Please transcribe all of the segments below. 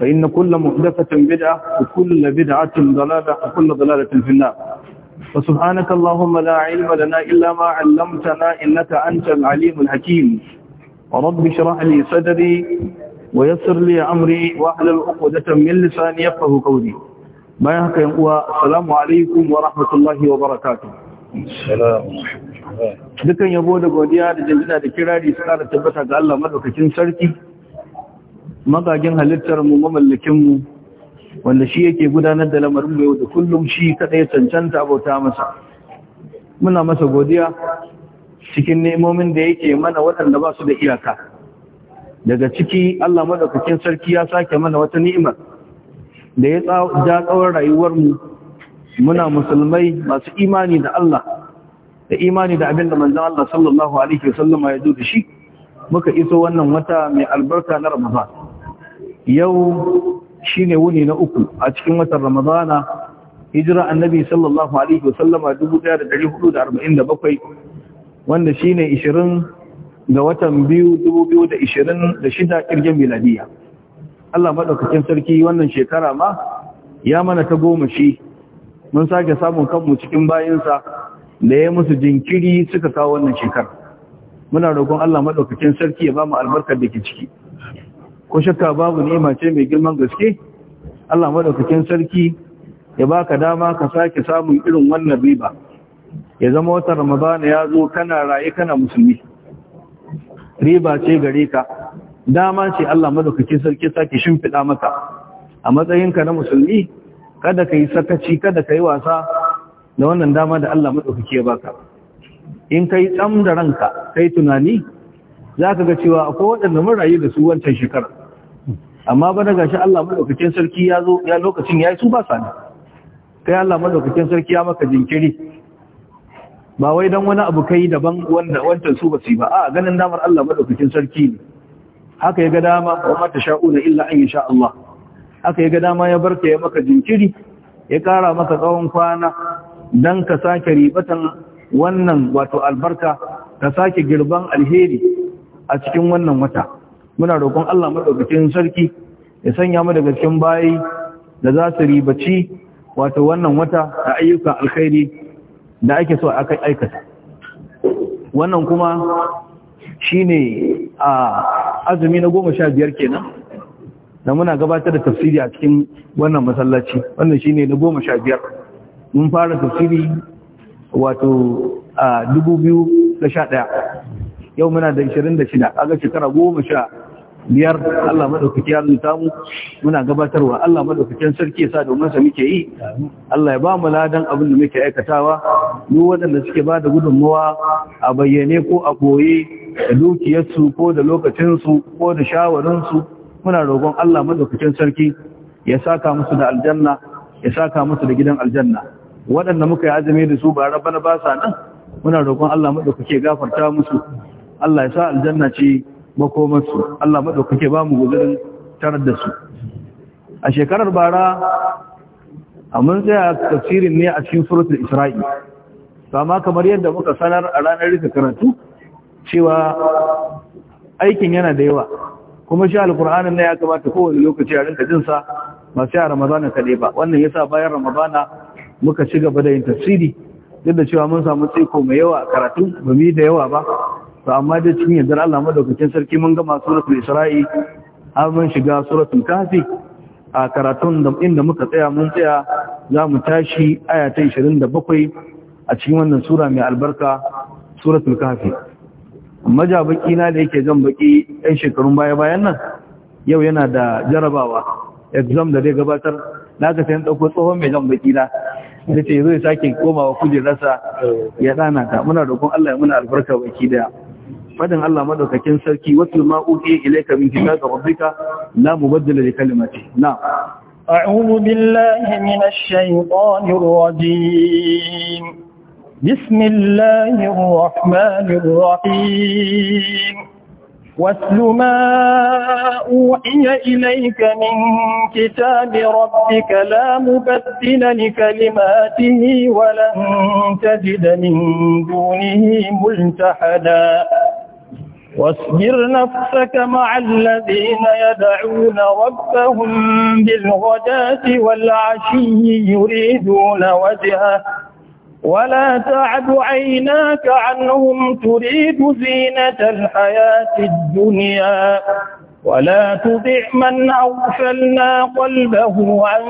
فإن كل محدثة بدعة وكل بدعة ضلالة وكل ضلالة في النار فسبحانك اللهم لا علم لنا إلا ما علمتنا إنك أنت العليم الحكيم ورب اشرح لي صدري ويسر لي أمري وأحلل عقدة من لساني يفقه قولي ما يحكي السلام عليكم ورحمة الله وبركاته السلام dukan yabo da godiya da jinjina da kirari su kara tabbata ga Allah madaukakin sarki magagin halittar mu mamallakin mu wanda shi yake gudanar da lamarin yau da kullum shi ya cancanta abota masa muna masa godiya cikin nemomin da yake mana waɗanda ba su da iyaka daga ciki Allah madaukakin sarki ya sake mana wata ni'imar da ya ja tsawon rayuwarmu muna musulmai masu imani da Allah da imani da abin da manzan Allah sallallahu Alaihi wasallama ya zo da shi muka iso wannan wata mai albarka na Ramadan yau shi ne wuni na uku a cikin watan ramadana hijira annabi sallallahu alaihi wasallama 1447 wanda shi ne 20 ga watan biyu shida kirgin miladiya Allah maɗaukakin sarki wannan shekara ma ya mana ta goma shi mun sake samun kanmu cikin bayansa da ya musu jinkiri suka kawo wannan shekara muna roƙon Allah maɗaukakin sarki ya ba mu albarkar da ke ciki ko shakka babu ni'ima ce mai girman gaske Allah madaukakin sarki ya baka dama ka sake samun irin wannan riba ya zama wata Ramadan ya zo kana raye kana musulmi riba ce gare ka dama ce Allah madaukakin sarki sake shimfiɗa maka a matsayinka na musulmi kada ka sakaci kada ka wasa da wannan dama da Allah madaukake ya baka in kai tsam da ranka kai tunani zaka ga cewa akwai waɗanda mun rayu da su wancan shekarar. amma ba na gashi Allah madaukakin sarki ya zo ya lokacin yi su ba sani kai Allah madaukakin sarki ya maka jinkiri ba wai dan wani abu kai daban wanda wancan su ba su ba a ganin damar Allah madaukakin sarki ne haka ya ga dama wa sha'u sha'una illa an insha Allah haka ya ga dama ya barka ya maka jinkiri ya kara maka tsawon kwana dan ka sake ribatan wannan wato albarka ka sake girban alheri a cikin wannan wata muna roƙon Allah maɗaukacin sarki ya sanya mu daga cikin bayi da za su ribaci wato wannan wata a ayyukan alkhairi da ake so aka aikata wannan kuma shi ne a azumi na goma sha biyar kenan da muna gabatar da tafsiri a cikin wannan masallaci wannan shi ne na goma sha biyar mun fara tafsiri wato a dubu biyu da sha ɗaya yau muna da ishirin da shida aga shekara goma sha biyar Allah maɗaukaki ya rubuta mu muna gabatarwa Allah madaukakin sarki yasa domin sa muke yi Allah ya ba mu ladan abin da muke aikatawa duk waɗanda suke ba da gudunmawa a bayyane ko a koye da dukiyarsu ko da lokacinsu ko da shawarinsu muna rogon Allah maɗaukakin sarki ya saka musu da aljanna ya saka musu da gidan aljanna waɗanda muka yi azumi da su ba rabana ba sa nan muna rogon Allah ya gafarta musu Allah ya sa aljanna ce makomarsu Allah maɗaukake ba mu guzurin tarar da su a shekarar bara a mun tsaya tafsirin ne a cikin suratul isra'i Sama kamar yadda muka sanar a ranar rika karatu cewa aikin yana da yawa kuma shi alkur'anin na ya kamata kowane lokaci a rinka jinsa ba sai a ramadana kaɗai ba wannan yasa bayan ramadana muka ci gaba da yin tafsiri duk da cewa mun samu tsiko mai yawa a karatu ba mu yi da yawa ba to amma dai cikin yardar Allah madaukakin sarki mun gama suratul isra'i har mun shiga suratul kafi a karatun da inda muka tsaya mun tsaya za mu tashi aya ta 27 a cikin wannan sura mai albarka suratul kafi majabaki na da yake zan baki ɗan shekarun baya bayan nan yau yana da jarabawa exam da zai gabatar na ka sayan ɗauko tsohon mai zan baki na da ce zai sake komawa kujerarsa ya ɗanata. ta muna roƙon Allah ya muna albarka baki daya fadin الله madaukakin sarki wasu ma ما ilaika إليك من كتاب ربك لا مبدل kalimati نعم أعوذ بالله من الشيطان الرجيم بسم الله الرحمن الرحيم واتل ما أوحي إليك من كتاب ربك لا مبدل لكلماته ولن تجد من دونه ملتحدا واصبر نفسك مع الذين يدعون ربهم بالغداة والعشي يريدون وجهه ولا تعد عيناك عنهم تريد زينة الحياة الدنيا ولا تطع من أغفلنا قلبه عن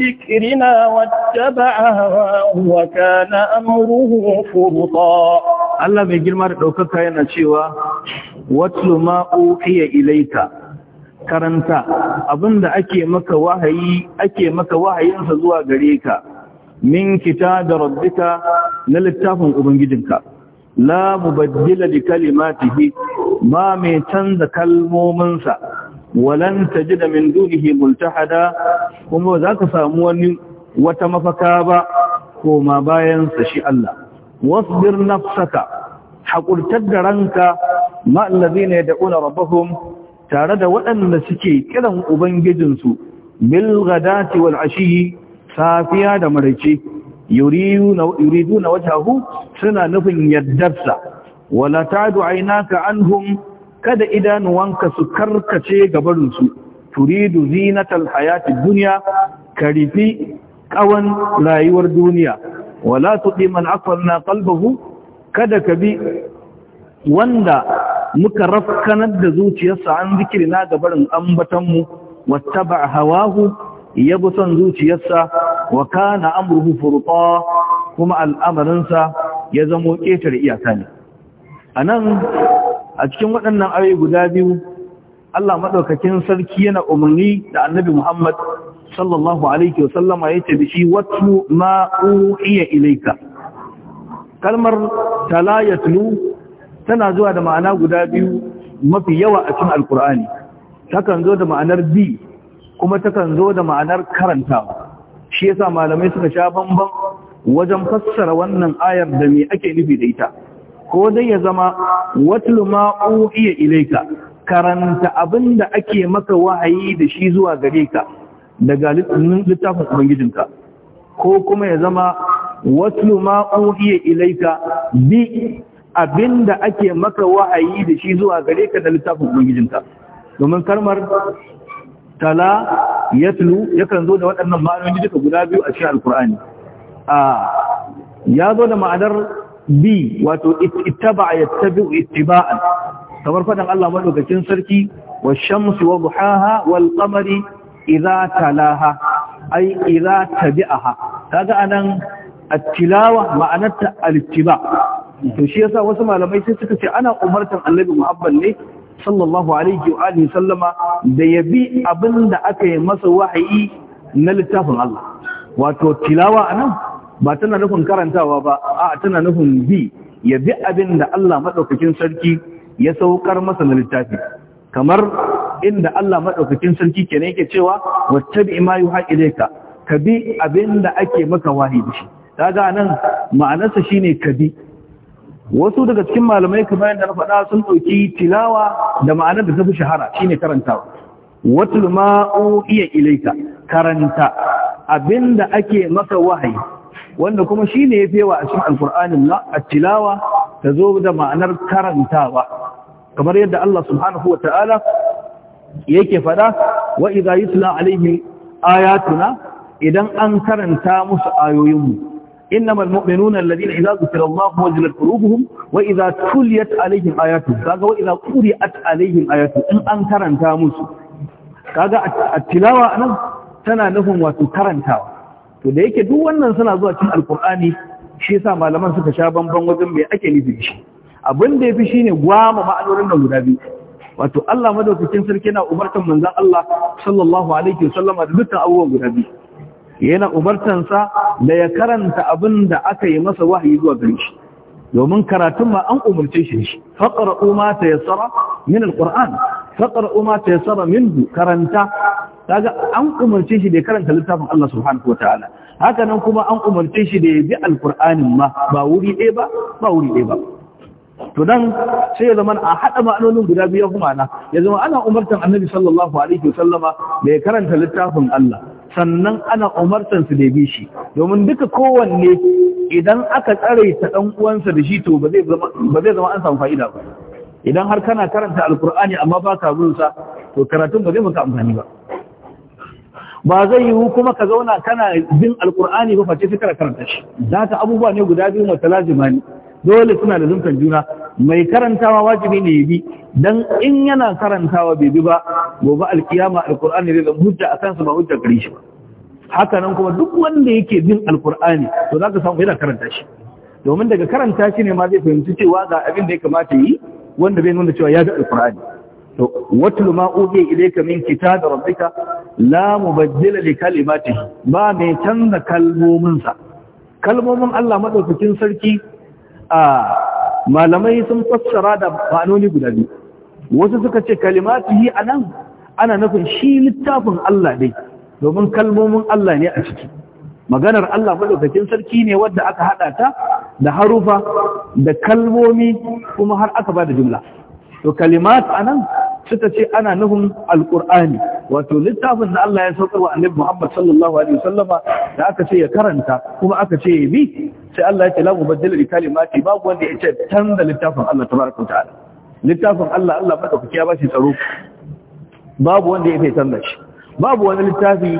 ذكرنا واتبع هواه وكان أمره فرطا الله من جلمة لوكك ينشيوا واتل ما أوحي إليك karanta abinda ake maka wahayi ake maka wahayinsa zuwa gareka, minkita min kita da na littafin ubangijinka la mubaddila li kalimatihi ba mai canza kalmominsa walan tajida min dunihi multahada kuma za ka samu wani wata mafaka ba koma bayansa shi Allah wasbir nafsaka haƙurtar da ranka ma allazina yad'una rabbahum tare da waɗanda suke kiran ubangijinsu bil ghadati wal ashi safiya da maraice yuriduna hu, suna nufin yaddarsa wala tadu an anhum kada idanuwanka su karkace gabarinsu. turidu zinatar hayati dunya karifi kawan rayuwar duniya wala tudi man aqalna qalbahu kada ka bi wanda muka rafkanar da zuciyarsa an zikirina gabarin ambatanmu wattaba hawahu fi son zuciyarsa wa kana amruhu furqa kuma al'amarinsa ya zamo ƙetare iyaka ne anan a cikin waɗannan ayoyi guda biyu Allah madaukakin sarki yana umarni da Annabi Muhammad sallallahu alaihi wasallama yace da shi watu ma uhiya ilayka kalmar tala yatlu tana zuwa da ma'ana guda biyu mafi yawa a cikin alkur'ani takan zo da ma'anar bi kuma takan zo da ma'anar karantawa shi yasa malamai suka sha bamban wajen fassara wannan ayar da me ake nufi da ita ko dai ya zama watlu ma uhiya ilayka karanta abinda ake maka wahayi da shi zuwa gare ka daga littafin ubangijinka ko kuma ya zama watlu ma uhiya ilayka bi abinda ake maka wahayi da shi zuwa gare ka da littafin ubangijinka domin kalmar tala yatlu yakan zo da waɗannan ma'anoni duka guda biyu a cikin alkur'ani a ya zo da ma'anar bi wato ittaba yattabi'u ittiba'an kamar fadan Allah madaukakin sarki wa shamsi wa duhaha wal qamari idza talaha ay idza tabi'aha kaga anan at-tilawa ma'anarta al-ittiba to shi yasa wasu malamai sai suka ce ana umartan annabi Muhammad ne sallallahu alaihi wa sallama da yabi abin da aka yi masa wahayi na littafin Allah wato tilawa a nan ba tana nufin karantawa ba a tana nufin bi yabi abin da Allah maɗaukakin sarki ya saukar masa na littafi kamar inda Allah maɗaukakin sarki kenan yake cewa haƙi dai ka, ka bi abin da ake maka wahayi da shi kaga nan ma'anarsa shine kabi wasu daga cikin malamai kamar yadda na faɗa sun ɗauki tilawa da ma'anar da ta fi shahara shine karantawa watul ma'u iya ilaika karanta abinda ake maka wahayi wanda kuma shine ya fewa a cikin alqur'anin na, at-tilawa ta zo da ma'anar karantawa kamar yadda Allah subhanahu ta'ala yake faɗa wa idza yutla alaihim ayatuna idan an karanta musu ayoyinmu إنما المؤمنون الذين إذا ذكر الله وجلت قلوبهم وإذا تليت عليهم آياته كذا وإذا قرئت عليهم آياته إن أن كرنتا مسو كذا التلاوة أنا tana nufin wato karantawa to da yake duk wannan suna zuwa cikin alkur'ani shi yasa malaman suka sha bamban wajen mai ake nufi shi abin da yafi shine gwama ma'anorin nan guda biyu wato Allah madaukakin sarki na umartan manzon Allah sallallahu alaihi wasallam da dukkan abubuwan guda biyu yana umartansa da ya karanta abin da aka yi masa wahayi zuwa gari shi domin karatun ma an umarce shi shi faqra'u ma tsara min Al-ƙur'an, alquran faqra'u ma tsara minhu karanta kaga an umarce shi da karanta littafin Allah subhanahu wataala haka nan kuma an umarce shi da ya bi al alqur'anin ma ba wuri ɗaya ba ba wuri ɗaya ba to dan sai ya zama a haɗa ma'anonin guda biyu kuma na ya zama ana umartan annabi sallallahu alaihi wa sallama, da ya karanta littafin Allah sannan ana umartan su da bi shi domin duka kowanne idan aka tsare ta dan uwansa da shi to ba zai zama ba zai zama an samu fa'ida ba idan har kana karanta alqur'ani amma ba ka zuwa sa to karatun ba zai maka amfani ba ba zai yiwu kuma ka zauna kana bin alqur'ani ba face sai ka karanta shi zaka abubuwa ne guda biyu mutalazima ne dole suna da zuntan juna mai karantawa wajibi ne ya bi dan in yana karantawa bai bi ba gobe alkiyama alqur'ani zai zama hujja akan su ba hujja gare shi ba haka nan kuma duk wanda yake bin alqur'ani to zaka samu yana karanta shi domin daga karanta shi ne ma zai fahimci cewa ga abin da ya kamata yi wanda bai nuna cewa ya ga alqur'ani to watlu ma uhiya ilayka min kitab rabbika la mubaddila li kalimatihi ba mai canza kalmominsa kalmomin Allah madaukakin sarki a malamai sun fassara da fanoni guda biyu wasu suka ce a anan ana nufin shi littafin Allah ne, domin kalmomin Allah ne a ciki maganar Allah madaukakin sarki ne wadda aka haɗa ta da harufa da kalmomi kuma har aka bada jumla to kalimat anan suka ce ana nufin alƙur'ani wato littafin da Allah ya saukar wa annabi Muhammad sallallahu alaihi wasallama da aka ce ya karanta kuma aka ce ya bi sai Allah ya ce la mubaddila li kalimati babu wanda ya ce canza littafin Allah tabaraka ta'ala littafin Allah Allah madaukaki ya bashi tsaro babu wanda ya ce canza shi babu wani littafi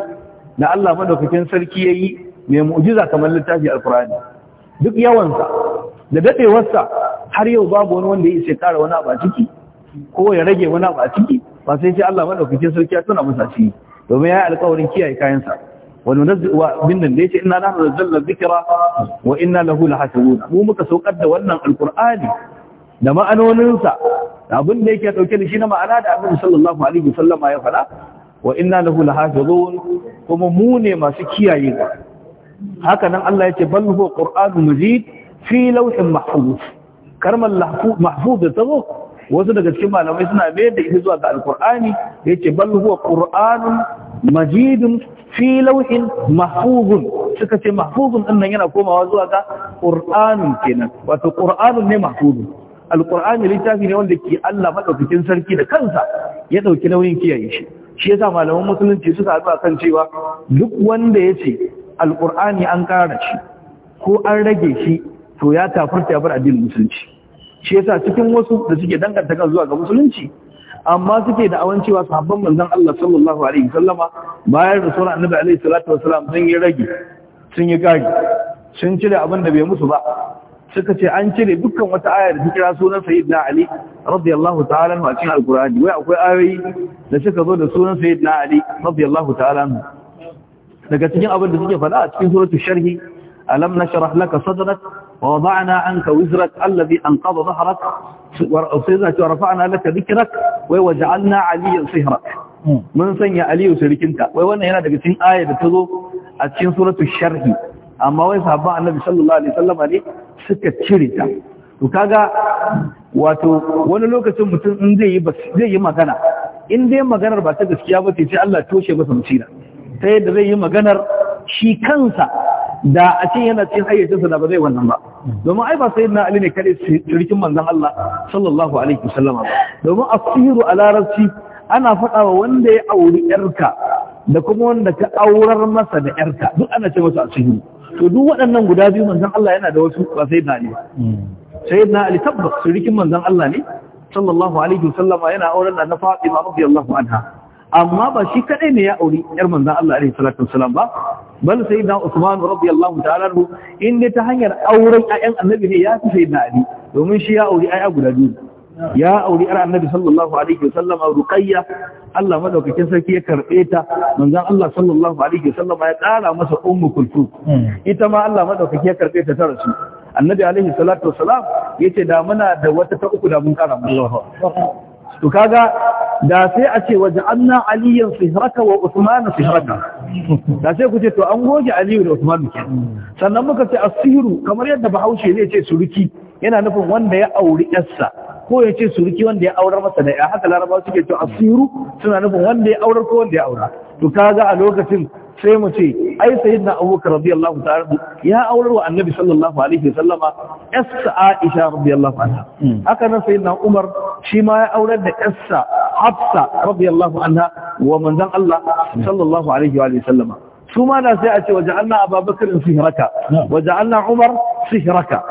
da Allah madaukakin sarki yayi mai mu'jiza kamar littafi alqur'ani duk yawansa da dadewarsa har yau babu wani wanda ya ce kara wani abu a ciki ko ya rage wani abu a ciki ba sai sai Allah madaukakin sarki ya tuna masa shi domin ya yi alƙawarin kiyaye kayansa وننزل ومن ليش إنا نحن نزلنا الذكرى وإنا له لحافظون Mu muka saukar da wannan alqur'ani da ma'anoninsa abin da yake dauke da shi na ma'ana da Annabi sallallahu alaihi wasallama ya fada wa inna lahu lahafizun kuma mu ne masu kiyaye ka haka nan Allah yace bal huwa qur'anun majid fi lawhin mahfuz karmal mahfuz da tazo wasu daga cikin malamai suna bayar da ita zuwa ga alqur'ani yace bal huwa qur'anun majidun fi lauhin mahfuzun suka ce mahfuzun din yana komawa zuwa ga qur'anun kenan wato qur'anun ne mahfuzun alqur'ani littafi ne wanda ke Allah madaukakin sarki da kansa ya dauki nauyin kiyaye shi shi yasa malaman musulunci suka haɗu kan cewa duk wanda yace alqur'ani an kara shi ko an rage shi to ya tafarta ya bar addinin musulunci shi yasa cikin wasu da suke danganta kan zuwa ga musulunci amma suke da awan cewa sahabban manzon Allah sallallahu alaihi wasallama bayan rasul annabi alaihi salatu wasalam, sun yi rage sun yi gari sun cire abin da bai musu ba suka ce an cire dukkan wata ayar da kira sunan sayyidina ali radiyallahu ta'ala a cikin alqur'ani wai akwai ayoyi da suka zo da sunan sayyidina ali radiyallahu ta'ala daga cikin abin da suke faɗa a cikin suratul sharhi alam nashrah laka sadrak ووضعنا عنك وزرك الذي أنقض ظهرك ورفعنا لك ذكرك ووجعلنا عليا صهرك من سنة علي سركنك وانا هنا دقيقين آية تزو أتشين سورة الشرح أما ويصحباء النبي صلى الله عليه وسلم عليه سكة شركة to kaga wato wani lokacin mutum in zai yi zai yi magana in dai maganar ba ta gaskiya ba ce sai Allah toshe masa musira ta yadda zai yi maganar shi kansa da a ce yana cin hayyacinsa da ba zai wannan ba domin ai ba sai na ali ne kare shirkin manzon Allah sallallahu alaihi wasallama ba domin asiru a larabci ana faɗa wa wanda ya auri yarka da kuma wanda ka aurar masa da yarka duk ana ce masa asiru to duk waɗannan guda biyu manzon Allah yana da wasu ba sai na ali hmm. sai na ali tabbas shirkin manzon Allah ne sallallahu alaihi wasallama yana auren da na Fatima radiyallahu anha amma ba shi kadai ne ya auri yar manzan Allah alaihi salatu wasalam ba bal sayyidina Usman radiyallahu ta'ala anhu in dai ta hanyar auren ayyan annabi ne ya fi sayyidina Ali domin shi ya auri ayya guda biyu ya auri yar annabi sallallahu alaihi wa wasallam Ruqayya Allah madaukakin sarki ya karɓe ta Manzan Allah sallallahu alaihi wa wasallam ya ƙara masa ummu kulthum hmm. ita ma Allah madaukaki ya karɓe ta ta rasu annabi alaihi salatu wasalam yace da muna da wata ta uku da mun kara masa to kaga da sai a ce waje anna aliyan sihraka wa usman sihraka da sai ku ce to an goge aliyu da usman ke sannan muka ce asiru kamar yadda bahaushe ne ce suruki yana nufin wanda ya auri yarsa ko ya ce suruki wanda ya aurar masa da ya haka larabawa suke to asiru suna nufin wanda ya aurar ko wanda ya aura to kaga a lokacin sai mu ce ai sayyidina abubakar radiyallahu ta'ala ya aurar wa annabi sallallahu alaihi sallama yassa aisha radiyallahu anha hmm. haka nan sayyidina umar shi ma ya aurar da yassa hafsa radiyallahu anha wa manzon Allah hmm. sallallahu alaihi wa sallama su ma da sai a ce waja'alna ababakar in sihiraka sihraka hmm. waja'alna umar sihiraka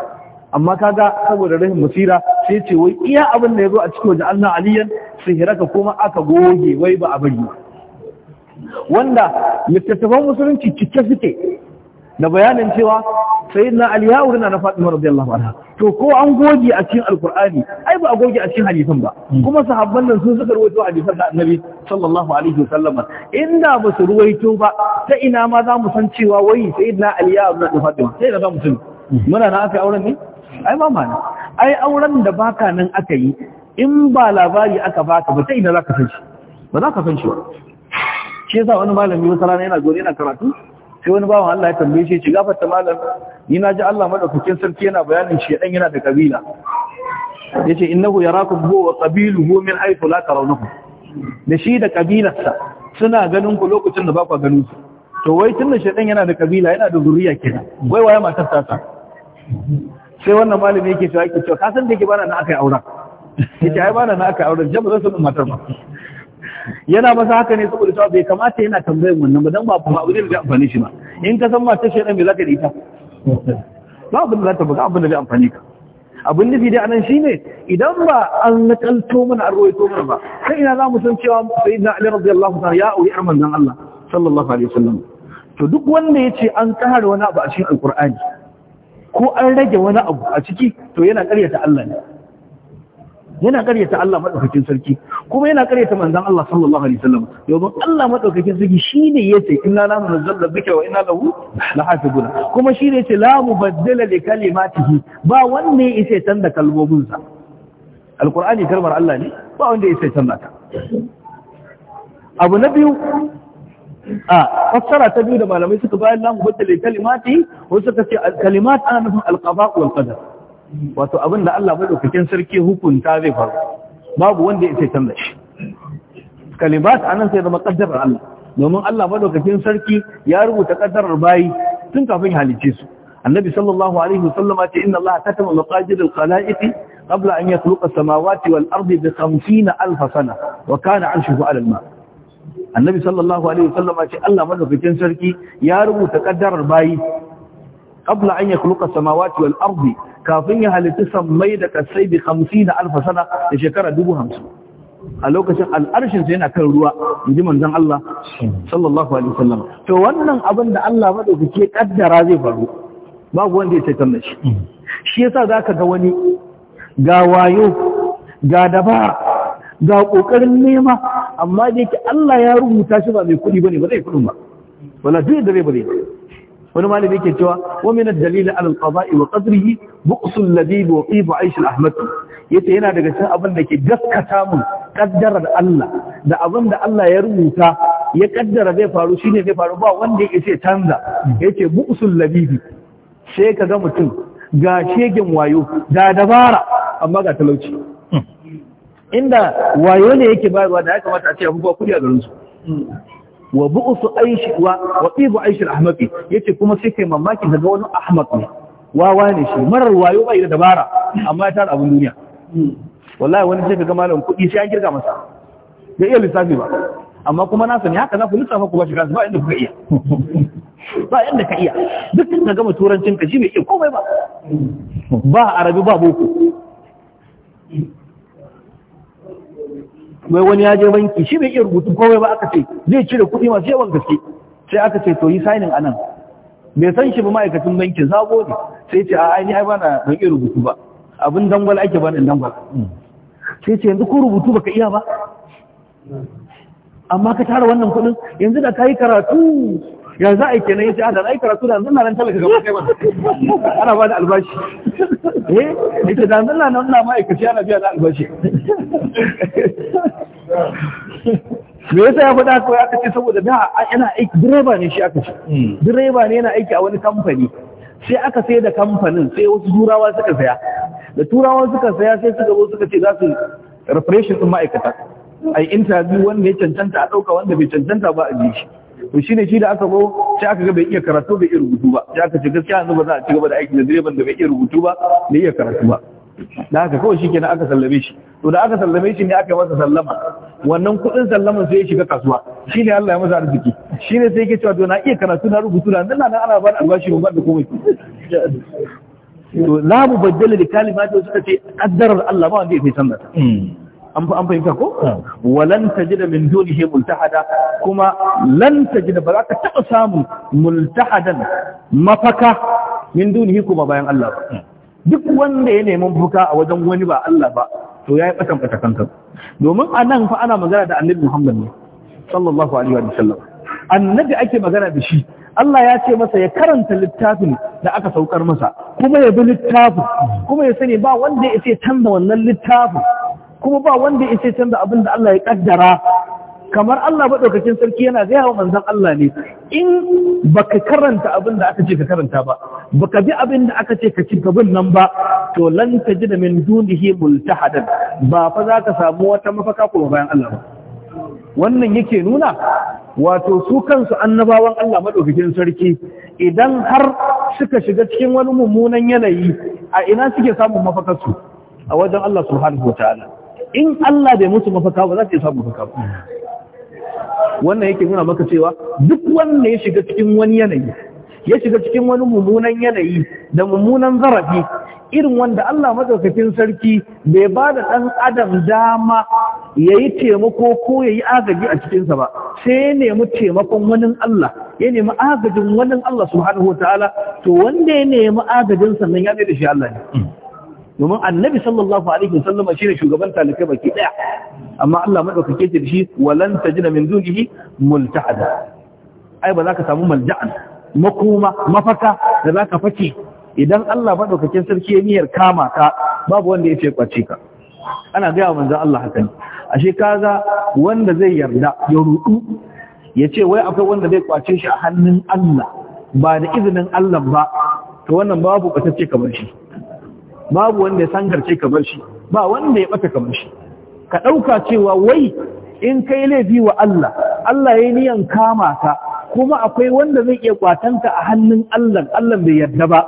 amma kaga saboda rahin musira sai ce wai iya abin da yazo a cikin waja'alna aliyan sihiraka kuma aka goge wai ba a bari wanda littattafan musulunci cike suke da bayanin cewa sayi na aliyawar na na fatima radiyallahu anha to ko an goge a cikin alkur'ani ai ba a goge a cikin hadisan ba kuma sahabban nan sun suka ruwaito hadisan da annabi sallallahu alaihi wasallam inda ba su ruwaito ba ta ina ma za mu san cewa wai sayi na aliyawar na na fatima sai da za mu san muna na aka auren ne ai ba ma ai auren da baka nan aka yi in ba labari aka baka ba ta ina za ka san shi ba za ka san shi ba shi yasa wani malami wata rana yana gore yana karatu sai wani bawan Allah ya tambaye shi ci gafarta malam ni na ji Allah madaukakin sarki yana bayanin shi dan yana da kabila yace innahu yarakum huwa wa qabiluhu min haythu la tarawnahu da shi da kabilarsa suna ganin ku lokacin da ba ku ganin su to wai tunda dan yana da kabila yana da zuriya kenan wai waye matar ta sa? sai wannan malami yake cewa yake cewa kasan da yake bana na akai aura yake ai bana na akai aura jama'a sun matar ba yana masa haka ne saboda cewa bai kamata yana tambayar wannan ba dan ba ba zai da amfani shi ba in ka san matar shedan me zaka da ita ba abin da za ta buga abin da zai amfani ka abin nufi dai anan shine idan ba an nakalto mana an rawaito mana ba sai ina za mu san cewa sayyidina ali radiyallahu ta'ala ya auri arman dan Allah sallallahu alaihi wasallam to duk wanda yace an kahar wani abu a cikin alqur'ani ko an rage wani abu a ciki to yana ƙaryata Allah ne yana karyata Allah madaukakin sarki kuma yana karyata manzon Allah sallallahu alaihi wasallam domin Allah madaukakin sarki shine yace inna la nuzalla bika wa inna lahu lahafizun kuma shine yace la mubaddala li kalimatihi ba wanne yace canza kalmominsa alqur'ani kalmar Allah ne ba wanda ya yace canza ta abu na biyu a fassara ta biyu da malamai suka bayan la mubaddala li kalimatihi wasu suka ce kalimat ana nufin alqada wal qadar wato abin da Allah madaukakin sarki hukunta zai faru babu wanda ya sai canza shi kalimat anan sai da makaddarar Allah domin Allah madaukakin sarki ya rubuta kaddarar bayi tun kafin halice su annabi sallallahu alaihi wasallama ce inna Allah katama maqadir al-khalaiq qabla an yakhluqa as-samawati wal ardi bi 50000 sana wa kana 'arshuhu 'ala al-ma' annabi sallallahu alaihi wasallama ce Allah madaukakin sarki ya rubuta kaddarar bayi qabla an yakhluqa as-samawati wal ardi kafin ya halitta sammai da kasai bi 50 alfa sana da shekara 50 a lokacin al'arshin sa yana kan ruwa inji manzon Allah sallallahu alaihi wasallam to wannan abin da Allah madaukake kaddara zai faru babu wanda ya tantance shi shi yasa zaka ga wani ga wayo ga dabara ga kokarin nema amma da yake Allah ya rubuta shi ba mai kudi bane ba zai kudin ba wala duk da zai ba wani malami ke cewa wa min ad-dalil ala al-qada'i wa qadrihi bu'sul ladib wa qib 'aysh al-ahmad yace yana daga cikin abin da ke gaskata mun kaddarar Allah da abin da Allah ya rubuta ya kaddara zai faru shine zai faru ba wanda yake ce canza yace bukusun ladib sai ka ga mutum ga shegen wayo da dabara amma ga talauci hmm. inda wayo ne yake bayarwa da ya kamata a ce abubuwa kuri a garinsu wa bu'su aishi wa wa tibu aishi ahmaqi yace kuma sai kai mamaki daga wani ahmaq ne wawa ne shi marar wayo bai da dabara amma ya tara abin duniya wallahi wani sai kaga malam kudi sai an kirga masa bai iya lissafi ba amma kuma na sani haka za ku lissafa ku ba shi kansu ba inda kuka iya ba yadda ka iya duk ka gama turancin ka shi bai iya komai ba ba arabi ba boko wai wani ya je banki shi bai iya rubutu komai ba aka ce zai cire kuɗi masu yawan gaske sai aka ce to yi signing anan bai san shi ba ma'aikacin bankin sabo ne sai ce a aini ai bana ban iya rubutu ba abin dangwal ake bani dangwal sai ce yanzu ko rubutu baka iya ba amma ka tara wannan kuɗin yanzu da ka yi karatu Yanzu a yi kenan yace a ah, da ai karatu da yanzu na nan talaka gaba kai ba ana ba da albashi eh yace da yanzu na nan ina ma'aikaci ana biya da albashi me yasa ya faɗa kawai aka ce saboda da yana aiki direba ne shi aka ce hmm. direba ne yana aiki a wani kamfani sai aka sai da kamfanin sai wasu turawa suka saya da turawa suka saya sai suka zo suka ce za su refreshin din ma'aikata yi interview wanda ya cancanta a ɗauka wanda bai cancanta ba a ji shi to shine shi da aka zo sai aka ga bai iya karatu bai iya rubutu ba sai aka ce gaskiya yanzu ba za a ci gaba da aiki da direban da bai iya rubutu ba bai iya karatu ba da haka kawai shikenan aka sallame shi to da aka sallame shi ne aka masa sallama wannan kuɗin sallaman sai ya shiga kasuwa shine Allah ya masa arziki shine sai yake cewa to na iya karatu na rubutu na nan ana ba albashi ban da komai to la mubaddala li kalimati suka ce qaddarar Allah ba wanda ya fi sanata hmm. an fa an fahimta ko hmm. walan tajida min dunihi multahada kuma lan tajida ba za ka taɓa samu multahadan mafaka min dunihi kuma bayan Allah ba hmm. duk wanda ya neman fuka a wajen wani ba Allah ba to yayi batan batakan kan domin a nan fa ana magana da Annabi Muhammad ne sallallahu alaihi wa sallam annabi ake magana da shi Allah ya ce masa ya karanta littafin da aka saukar masa kuma ya bi littafin kuma ya sani ba wanda ya ce canza wannan littafin kuma ba wanda ya ce canza abin da Allah ya kaddara kamar Allah maɗaukakin sarki yana gaya wa manzan Allah ne in baka karanta abin da aka ce ka karanta ba baka bi abin da aka ce ka ci gaban nan ba to lan da min dunihi multahadan ba fa za ka samu wata mafaka kuma bayan Allah ba wannan yake nuna wato su kansu annabawan Allah maɗaukakin sarki idan har suka shiga cikin wani mummunan yanayi a ina suke samun mafakarsu a wajen Allah subhanahu wa ta'ala in Allah bai mutu mafaka ba za ta samun mafaka ba wannan yake nuna maka cewa duk wanda ya shiga cikin wani yanayi ya shiga cikin wani mummunan yanayi da mummunan zarafi irin wanda Allah madaukakin sarki bai ba da ɗan adam dama ya yi taimako ko ya yi agaji a cikinsa ba sai ya nemi taimakon wani Allah ya nemi agajin wani Allah subhanahu wa ta'ala to wanda ya nemi agajin sannan ya da shi Allah ne domin annabi sallallahu alaihi wasallam ne shugaban talikai baki daya amma Allah madaukake ce shi walan tajina min dunihi multa'ada ai ba za ka samu malja'an makoma mafaka da za ka fake idan Allah madaukakin sarki ya niyyar kama ka babu wanda ya ce kwace ka ana gaya manzon Allah haka ne ashe kaga wanda zai yarda ya rudu ya ce wai akwai wanda zai kwace shi a hannun Allah ba da izinin Allah ba to wannan babu batacce kamar shi babu wanda ya sangarce kamar shi ba wanda ya bata kamar shi ka ɗauka cewa wai in kai laifi wa Allah Allah ya niyan kama ka kuma akwai wanda zai iya kwatanta a hannun Allah Allah bai yarda ba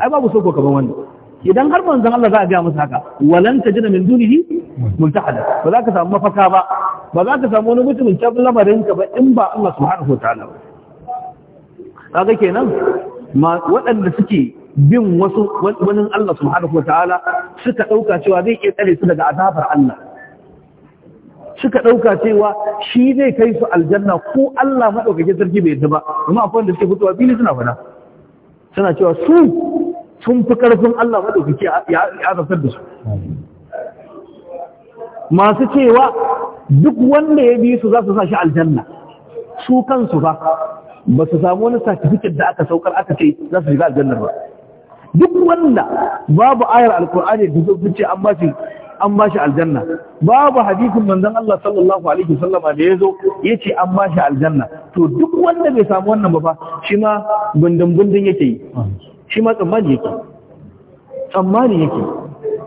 ai babu ko kamar wanda idan har manzon Allah za a ga masa haka walan tajida min dunihi multahada ba za ka samu mafaka ba ba za ka samu wani mutumin ta lamarin ka ba in ba Allah subhanahu wataala ba kaga kenan waɗanda suke bin wasu wani Allah subhanahu wataala suka dauka cewa zai iya tsare su daga azabar Allah suka ɗauka cewa shi zai kai su aljanna ko Allah madaukake sarki bai yadda ba kuma akwai wanda suke fitowa fili suna fada suna cewa su sun fi karfin Allah madaukake ya azabtar da su masu cewa duk wanda ya bi su za su sa shi aljanna su kansu ba ba su samu wani certificate da aka saukar aka ce za su shiga aljannar ba duk wanda babu ayar alkur'ani da zai ce an bashi an bashi aljanna babu hadisin manzon Allah sallallahu alaihi wasallama da yazo yace an bashi aljanna to duk wanda bai samu wannan ba fa shi ma gundun gundun yake yi shi ma tsammani yake tsammani yake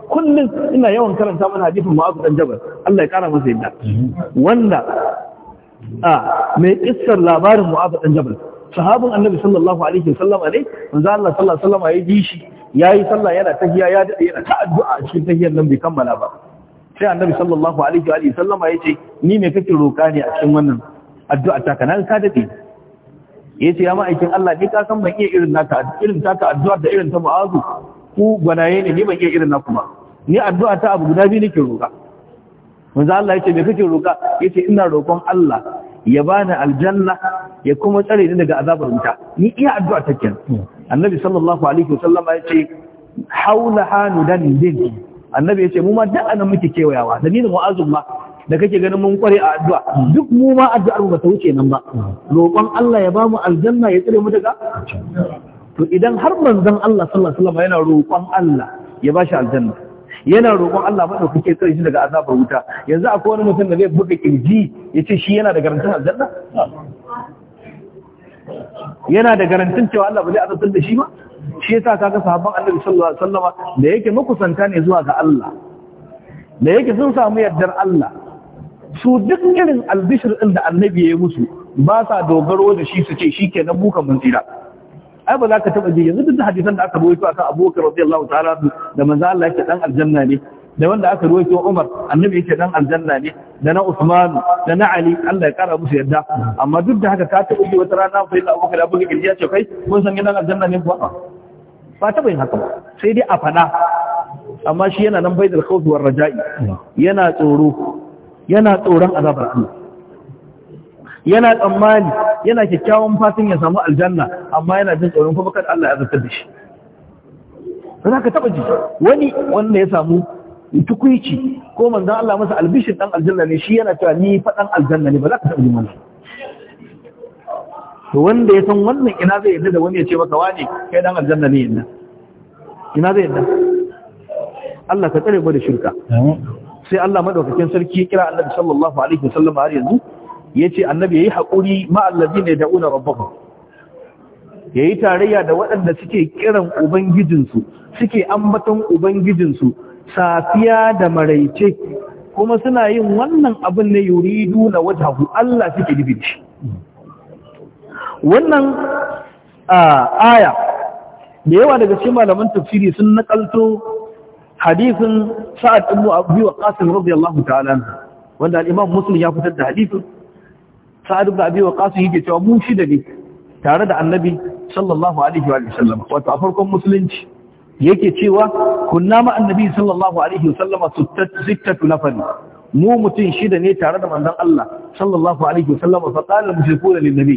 kullum ina yawan karanta mana hadisin Mu'adh dan Jabal Allah ya kara masa yadda wanda a mai kissar labarin Mu'adh dan Jabal sahabin annabi sallallahu alaihi wasallam ne manzo Allah sallallahu alaihi wasallam ya yi shi yayi sallah yana tahiya ya dade yana ta addu'a a cikin tahiyar nan bai kammala ba sai annabi sallallahu alaihi wa alihi ya ce ni me kake roka ne a cikin wannan addu'a ta kana ka dade yace ya ma'aikin Allah ni ka san ban iya irin naka irin taka addu'a da irin ta mu'azu ku gwanaye ne ni ban iya irin naku ba ni addu'a ta abu guda biyu nake roka manzo Allah yace me kake roka yace ina roƙon Allah ya bani aljanna ya kuma tsare ni daga azabar wuta ni iya addu'a take annabi sallallahu alaihi wasallam ya ce haula hanudan din annabi ya ce mu ma duk anan muke kewayawa Da dalilin wa'azun ma da kake ganin mun kware a addu'a duk mu ma addu'ar mu ba ta wuce nan ba roƙon Allah ya bamu aljanna ya tsare mu daga to idan har manzon Allah sallallahu alaihi wasallam yana roƙon Allah ya ba shi aljanna yana roƙon Allah madaukake tsare shi daga azabar wuta yanzu akwai wani mutum da zai buga kirji ya ce shi yana da garantin aljanna yana da garantin cewa Allah ba zai azabtar da shi ba shi yasa kaga sahabban Annabi sallallahu alaihi wasallama da yake makusanta ne zuwa ga Allah da yake sun samu yardar Allah su duk irin albishir din da Annabi ya yi musu ba sa dogaro da shi su ce shikenan buka mun tsira ai ba za ka taba ji yanzu duk hadisan da aka rawaito akan Abu Bakar radiyallahu ta'ala da manzo Allah yake dan aljanna ne da wanda aka ruwaito Umar annabi yake dan aljanna ne da na Usman da na Ali Allah ya kara musu yadda amma duk da haka ka ta uji wata rana fa illa Abubakar da buga ya ce kai mun san gidan aljanna ne kuwa ba ta bayin haka sai dai a fada amma shi yana nan baidal khawf war raja'i yana tsoro yana tsoron azabar Allah yana tsammani yana kyakkyawan fatin ya samu aljanna amma yana jin tsoron kuma kada Allah ya azabtar da shi ba za ka taɓa ji wani wanda ya samu tukwici ko manzan Allah masa albishin ɗan aljanna ne shi yana cewa ni fa aljanna ne ba za ka taɓa mana. to wanda ya san wannan ina zai yadda da wani ya ce maka wani kai ɗan aljanna ne yadda ina zai yadda Allah ka tsare mu da shirka sai Allah madaukakin sarki kira Annabi sallallahu alaihi wa sallam har yanzu yace Annabi yayi hakuri ma allazina yad'una rabbahum yayi tarayya da waɗanda suke kiran ubangijinsu suke ambaton ubangijinsu safiya da maraice kuma suna yin wannan abin ne nuna wata wajahu Allah suke dibi da shi wannan aya da yawa daga cikin malaman tafsiri sun nakalto hadisin sa'ad ibn abi waqas radiyallahu ta'ala wanda al-imam muslim ya fitar da hadisin sa'ad ibn abi waqas yake cewa mun da ne tare da annabi sallallahu alaihi wa sallam wato a farkon musulunci yake cewa kunna ma annabi sallallahu alaihi wasallama sittatu nafar mu mutum shida ne tare da manzon Allah sallallahu alaihi wasallama fa qala mushrikuna lin nabi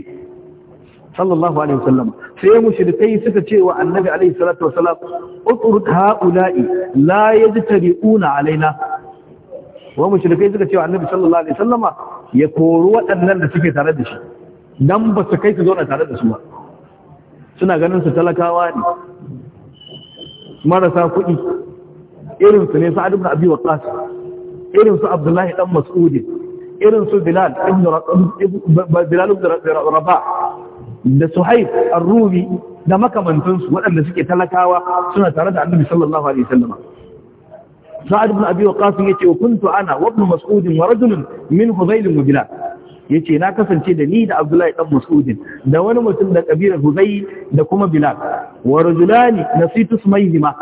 sallallahu alaihi wasallam sai mushrikai suka ce wa annabi alaihi salatu wasalam utrud haula'i la yajtari'una alaina wa mushrikai suka ce wa annabi sallallahu alaihi wasallama ya kori waɗannan da suke tare da shi dan ba su kai su zauna tare da su ba suna ganin su talakawa ne marasa kuɗi irin su ne sa'ad ibn abi waqas irin su abdullahi dan mas'ud irin su bilal ibn bilal ibn rabah da suhaib ar-rumi da makamantansu waɗanda suke talakawa suna tare da annabi sallallahu alaihi wasallam sa'ad ibn abi waqas yace kuntu ana wa ibn mas'ud wa rajulun min hudayl wa bilal yace na kasance da ni da Abdullahi dan Mas'udin da wani mutum da kabilar Huzai da kuma Bilal wa rajulani nasitu ismayhima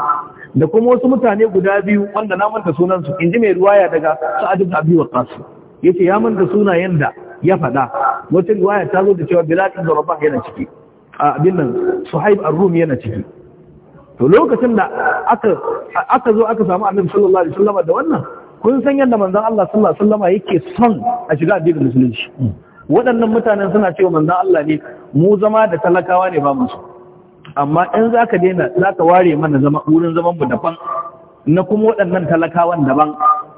da kuma wasu mutane guda biyu wanda na manta sunan su inji mai ruwaya daga Sa'ad ibn Abi Waqqas yace ya manta sunayen da ya fada wata ruwaya ta zo da cewa Bilal ibn Rabah yana ciki a abin nan Suhaib ar-Rumi yana ciki to lokacin da aka aka zo aka samu Annabi sallallahu alaihi wasallam da wannan kun san yadda manzon Allah sallallahu alaihi wasallam yake son a shiga addinin musulunci waɗannan mutanen suna cewa manzon Allah ne mu zama da talakawa ne ba mu amma in zaka daina zaka ware mana zama wurin zaman mu daban na kuma waɗannan talakawan daban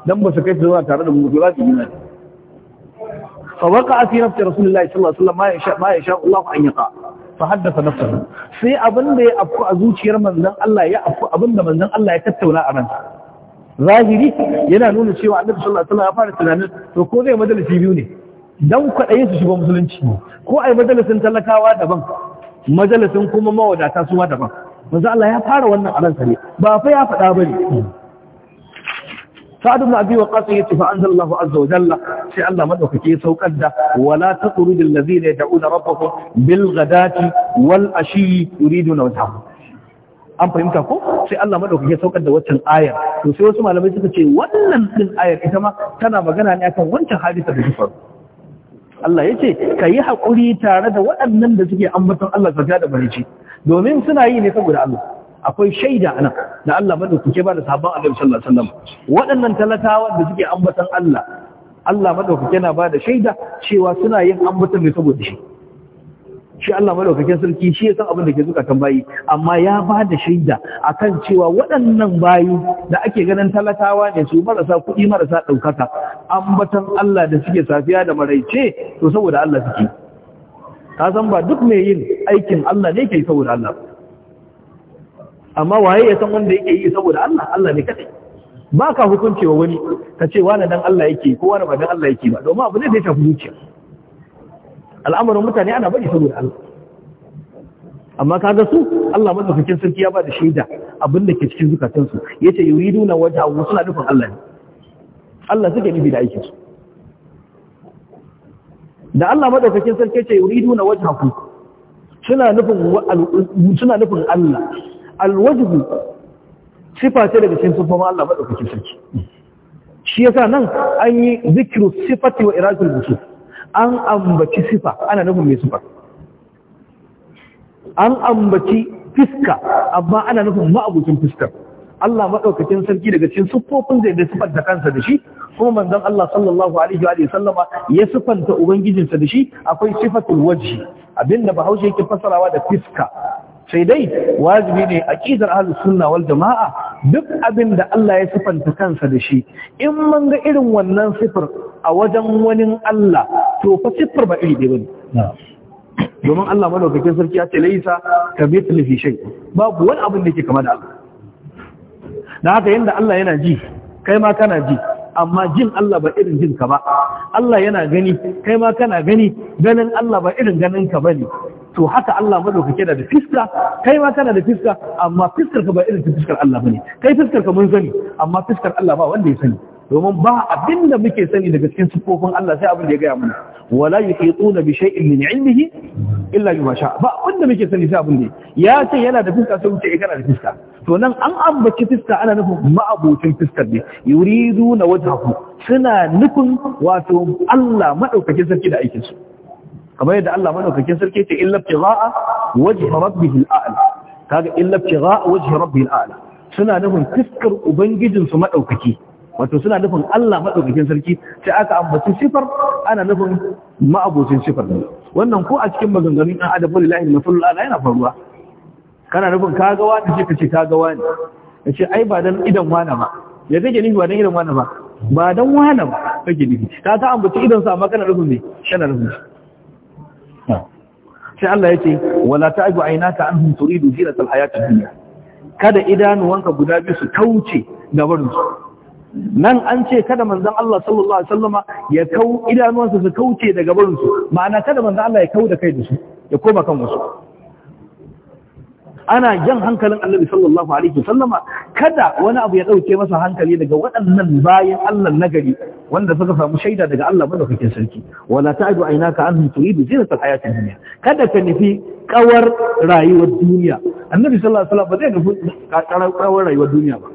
don ba su kai su zuwa tare da mu ba su yi fa waqa fi nafsi rasulullahi sallallahu alaihi wasallam ma yasha ma Allah an yaqa fa haddasa nafsahu sai abin da ya afku a zuciyar manzon Allah ya afku abin da manzon Allah ya tattauna a ranta. zahiri yana nuna cewa annabi sallallahu alaihi wasallam ya fara tunanin ko zai madalisi biyu ne dan kwadayin su shiga musulunci ko ai madalisin talakawa daban majalisin kuma mawadata su daban manzo Allah ya fara wannan a ran sare ba fa ya fada bane Sa'ad ibn Abi Waqqas yace fa anzalallahu azza wa jalla sai Allah madaukake ya saukar da wala taqrudu allazina yad'una rabbahum bil ghadati wal ashi yuriduna wajhahu an fahimta ko sai Allah ya saukar da waccan ayar to sai wasu malamai suka ce wannan din ayar ita ma tana magana ne akan wancan hadisa da faru Allah ya ce ka yi haƙuri tare da waɗannan da suke ambaton Allah zaka da barici domin suna yi ne saboda Allah akwai shaida anan da Allah ke ba da sabon Annabi sallallahu alaihi wasallam waɗannan talatawa da suke ambaton Allah Allah madauki yana ba da shaida cewa suna yin ambaton ne saboda shi shi Allah madaukakin sarki shi ya san abin da ke zukatan bayi amma ya ba da shaida akan cewa waɗannan bayi da ake ganin talakawa ne su marasa kuɗi marasa ɗaukaka ambatan Allah da suke safiya da maraice to saboda Allah suke ka san ba duk mai yin aikin Allah ne ke saboda Allah amma waye ya san wanda yake yi saboda Allah Allah ne kadai ba ka hukuncewa wani ka ce wani dan Allah yake ko wani ba dan Allah yake ba domin abu ne zai tafi zuciya al'amarin mutane ana bari saboda Allah amma ka ga su Allah madaukakin sarki ya ba da shaida abin da ke cikin zukatansu yace wata wajhahu suna nufin Allah ne Allah suke nufi da aikin su da Allah madaukakin sarki yace yuriduna wajhahu suna nufin suna nufin Allah alwajhu sifa ce daga cikin sifofin Allah madaukakin sarki shi yasa nan an yi zikru sifati wa iradul wujud an ambaci sifa ana nufin mai sifa an ambaci fiska amma ana nufin ma'abucin fiskar Allah maɗaukacin sarki daga cikin siffofin zai bai siffanta kansa da shi kuma manzon Allah sallallahu alaihi wa sallama ya siffanta ubangijinsa da shi akwai sifatul waji abinda bahaushe yake fasarawa da fiska sai dai wajibi ne aqidar ahalus sunna wal jamaa duk abin da Allah ya sifanta kansa da shi in man ga irin wannan sifar a wajen wani Allah to fa sifar ba iri ne. domin Allah madaukakin sarki ya ce laisa kamithlihi shai babu wani abin da yake kama da Allah na haka yanda Allah yana ji kai ma kana ji amma jin Allah ba irin jin ka ba Allah yana gani kai ma kana gani ganin Allah ba irin ganin ka ba ne. to haka Allah madaukake da fiska kai ma kana da fiska amma fiskarka ka ba irin fiskar Allah bane kai fiskarka mun sani amma fiskar Allah ba wanda ya sani domin ba abinda muke sani daga cikin sifofin Allah sai abin da ya gaya mana wala yuhituna bi shay'in min ilmihi illa bima sha ba abin muke sani sai abin da ya ce yana da fiska sai wuce eh kana da fiska to nan an ambaci fiska ana nufin ma'abocin fiskar ne yuridu na wajhahu suna nufin wato Allah madaukakin sarki da aikin su kamar yadda Allah madaukakin sarki ce illa ibtigha'a wajhi rabbihil a'la kaga illa ibtigha'a wajhi rabbihil a'la suna nufin fiskar ubangijin su madaukaki wato suna nufin Allah madaukakin sarki sai aka ambaci sifar ana nufin ma'abocin sifar wannan ko a cikin maganganun dan adam wallahi masallu ala yana faruwa kana nufin kaga wani ce kace kaga wani yace ai ba dan idan wani ba ya kake nufi ba dan idan wani ba ba dan wani ba kake nufi ka ta ambaci idan sa amma kana nufin ne kana nufin sai Allah ya yake wala ta'ju aynaka anhum turidu zinatal hayatid dunya kada idanuwanka guda biyu su kauce gaban su nan an ce kada manzon Allah sallallahu alaihi wasallama ya kau idanuwansa su kauce daga barin su ma'ana kada manzon Allah ya kau da kai da su ya koma kan wasu ana jan hankalin annabi sallallahu alaihi sallama, kada wani abu ya dauke masa hankali daga waɗannan bayan Allah nagari wanda suka samu shaida daga Allah madaukakin sarki wala ta'du aynaka anhum turidu zinatal hayatid dunya kada ka nufi kawar rayuwar duniya annabi sallallahu alaihi wasallam ba zai nufi kawar rayuwar duniya ba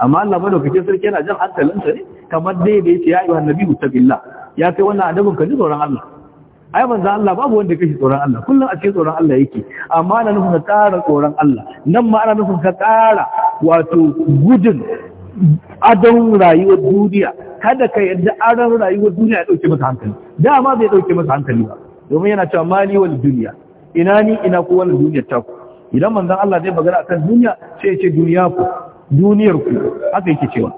amma Allah madaukakin sarki yana jan hankalin sa ne kamar dai da yake ya ayyuhan nabiyyu taqillah ya kai wannan adabin ka ji tsoron Allah ai manzo Allah babu wanda kashi tsoron Allah kullum a cikin tsoron Allah yake amma ana nufin ka ƙara tsoron Allah nan ma ana nufin ka ƙara wato gudun adon rayuwar duniya kada ka yadda adon rayuwar duniya ya dauke maka hankali dama bai dauke maka hankali ba domin yana cewa mali wal duniya ina ni ina ku wal duniya ta ku idan manzon Allah zai magana akan duniya sai ya ce duniya ku duniyar ku haka yake cewa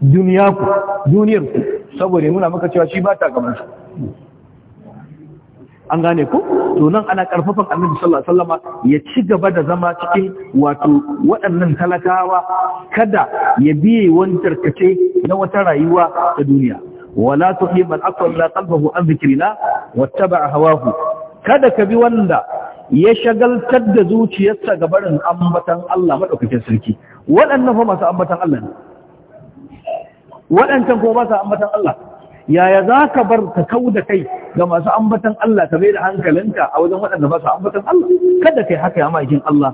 duniya ku duniyar ku saboda muna maka cewa shi ba ta gaban shi an gane ku to nan ana karfafan annabi sallallahu alaihi wasallama ya ci gaba da zama cikin wato waɗannan talakawa kada ya biye wani tarkace na wata rayuwa ta duniya wala tuhi man aqalla qalbahu an dhikrina wattaba hawahu kada ka bi wanda ya shagaltar da zuciyarsa ga barin ambatan Allah madaukakin sarki waɗannan fa masu ambatan Allah ne waɗancan kuma ba su ambatan Allah yaya za ka bar ka kau da kai ga masu ambatan Allah ka bai da hankalinka a wajen waɗanda ba su ambatan Allah kada kai haka ya ma'aikin Allah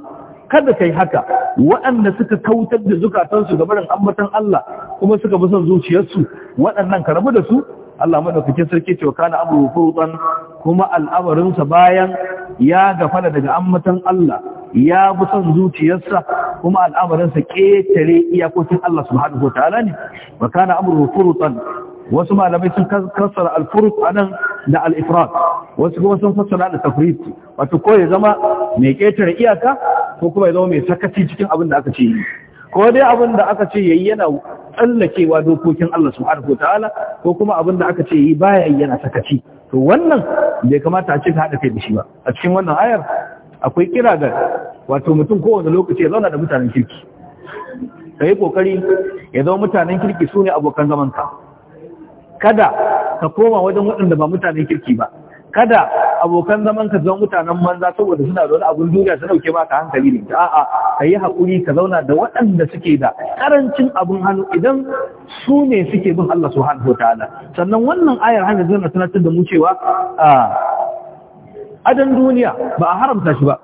kada kai haka waɗanda suka kautar da zukatansu ga barin ambatan Allah kuma suka bi son zuciyarsu waɗannan ka rabu da su Allah madaukakin sarki cewa kana amru furutan kuma al'amarinsa bayan ya gafala daga ambatan Allah ya bi son zuciyarsa kuma al'amarinsa ƙetare iyakokin Allah subhanahu ta'ala ne wa kana amru furutan wasu malamai sun kasar alfurus a nan da al'ifrat wasu kuma sun fassara da tafrit wato ko ya zama mai ƙetare iyaka ko kuma ya zama mai sakaci cikin abin da aka ce yi ko dai abin da aka ce yayi yana tsallakewa dokokin Allah subhanahu ta'ala ko kuma abin da aka ce yi baya yana sakaci to wannan bai kamata a ce ka haɗa kai da shi ba a cikin wannan ayar akwai kira ga wato mutum kowane lokaci ya zauna da mutanen kirki ka yi kokari ya zama mutanen kirki su ne abokan zamanka kada ka koma wajen waɗanda ba mutanen kirki ba kada abokan zaman ka zama mutanen manza saboda suna da wani abun duniya su dauke baka hankali ne a'a ka yi hakuri ka zauna da waɗanda suke da karancin abun hannu idan su ne suke bin Allah subhanahu wataala sannan wannan ayar hana na sanatar da mu cewa adan duniya ba a haramta shi ba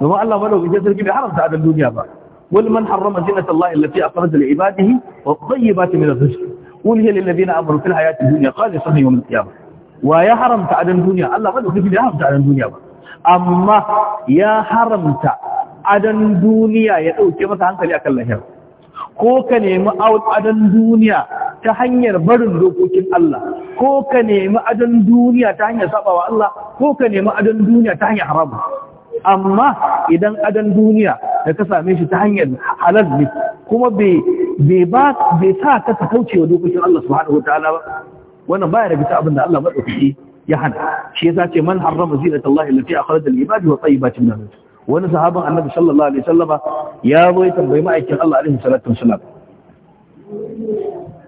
domin Allah madaukakin sarki bai haramta adan duniya ba wal man harrama zinata Allah allati akhraja li ibadihi wa tayyibati min rizqi qul hiya lil ladina amanu fil hayati dunya qalisan ya al qiyamah wa ya haramta adon duniya Allah ba da ya haramta adan duniya ba amma ya haramta adon duniya ya ɗauke masa hankali akan lahira ko ka nemi adon duniya ta hanyar barin dokokin Allah ko ka nemi adon duniya ta hanyar sabawa Allah ko ka nemi adon duniya ta hanyar haramu amma idan adan duniya da ka same shi ta hanyar halal ne kuma bai sa ka ta kauce wa dokokin Allah subhanahu wataala ba wannan baya daga ta abinda Allah madaukaki ya hana shi ya ce man harrama zinatallahi allati akhraja lil-ibadi wa tayyibatin min wani sahaban annabi sallallahu alaihi wasallama ya zo ya tambayi ma'aikin Allah alaihi salatu wasallam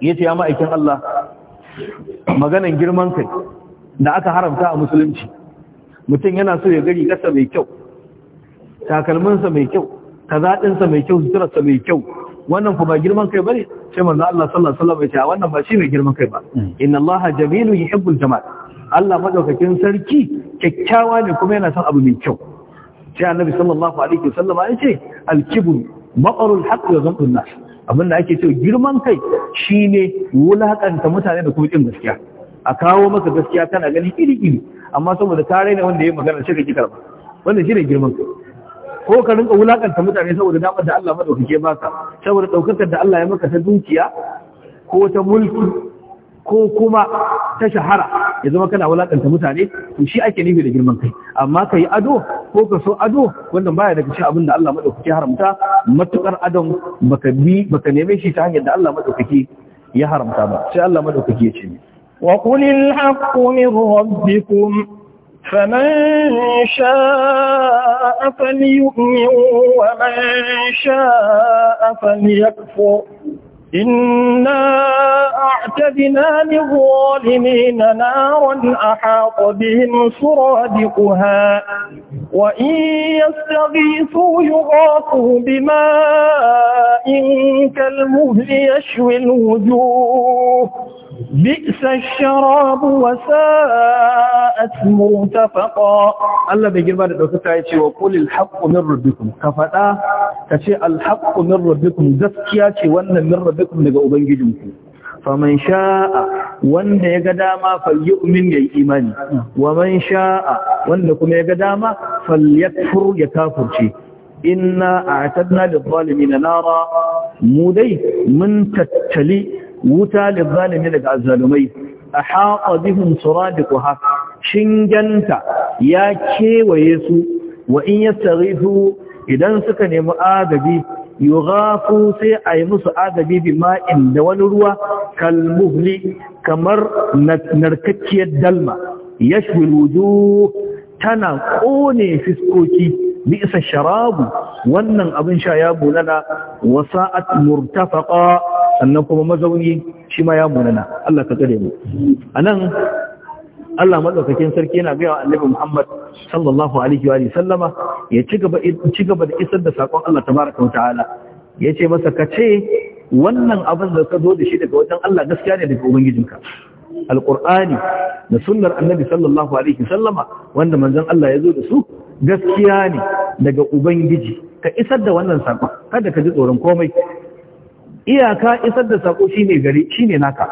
yace ya ma'aikin Allah maganan girman kai da aka haramta a musulunci mutum yana so ya gari gasa mai kyau takalminsa mai kyau kazaɗinsa mai kyau suturarsa mai kyau wannan ku ba girman kai ne? sai manzo Allah sallallahu alaihi wasallam ya wannan ba shine girman kai ba hmm. inna Allah jamilu yuhibbul jamal Allah madaukakin sarki kyakkyawa ne kuma yana son abu mai kyau sai annabi sallallahu alaihi wasallam ya ce al-kibr maqarul haqq wa zamtun nas abinda ake cewa girman kai shine wulakanta mutane da kuma kin gaskiya a kawo maka gaskiya kana gani iri iri amma saboda kare ne wanda ya magana sai ka karba wannan shine girman kai ko ka rinka wulakanta mutane saboda damar da Allah madaukake ba ka saboda daukakar da Allah ya maka ta dukiya ko ta mulki ko kuma ta shahara ya zama kana wulakanta mutane to shi ake nufi da girman kai amma ka yi ado ko ka so ado wannan baya daga cikin abin da Allah madaukake haramta matukar adon baka bi baka neme shi ta hanyar da Allah madaukake ya haramta ba sai Allah madaukake ya ce wa qulil haqqu min rabbikum فمن شاء فليؤمن ومن شاء فليكفر إنا أعتدنا للظالمين نارا أحاط بهم سرادقها وإن يستغيثوا يغاثوا بماء كالمهل يشوي الوجوه بئس الشراب وساءت مرتفقا الله bai girma da daukaka ya ce wa qulil haqqu min rabbikum ka fada ka ce al haqqu min rabbikum gaskiya ce wannan min rabbikum daga ubangijinku faman sha'a wanda ya ga dama falyu'min yayi imani wa man sha'a wanda kuma ya ga dama falyakfur ya kafurce inna a'tadna lil zalimin nara mu dai mun tattali wuta lizzalimi daga azzalumai a haƙa bihun ha shinganta ya kewaye su wa in ya idan suka nemi agabi yughafu sai a yi musu agabi bi ma'in da wani ruwa kalmuhli kamar narkakkiyar dalma yashwil wujuh tana ƙone fiskoki bisa sharabu wannan abin sha ya bulala wasa'at murtafaqa sannan kuma mazauni shi ma ya munana Allah ka tsare mu anan Allah madaukakin sarki yana gaya wa Annabi Muhammad sallallahu alaihi wa sallama ya ci gaba da isar da sakon Allah tabaraka wa ta'ala yace masa kace wannan abin da ka zo da shi daga wajen Allah gaskiya ne daga ubangijinka Alƙur'ani da sunnar Annabi sallallahu alaihi sallama wanda manzon Allah ya zo da su gaskiya ne daga ubangiji ka isar da wannan sakon kada ka ji tsoron komai iyaka isar da sako shine gari shine naka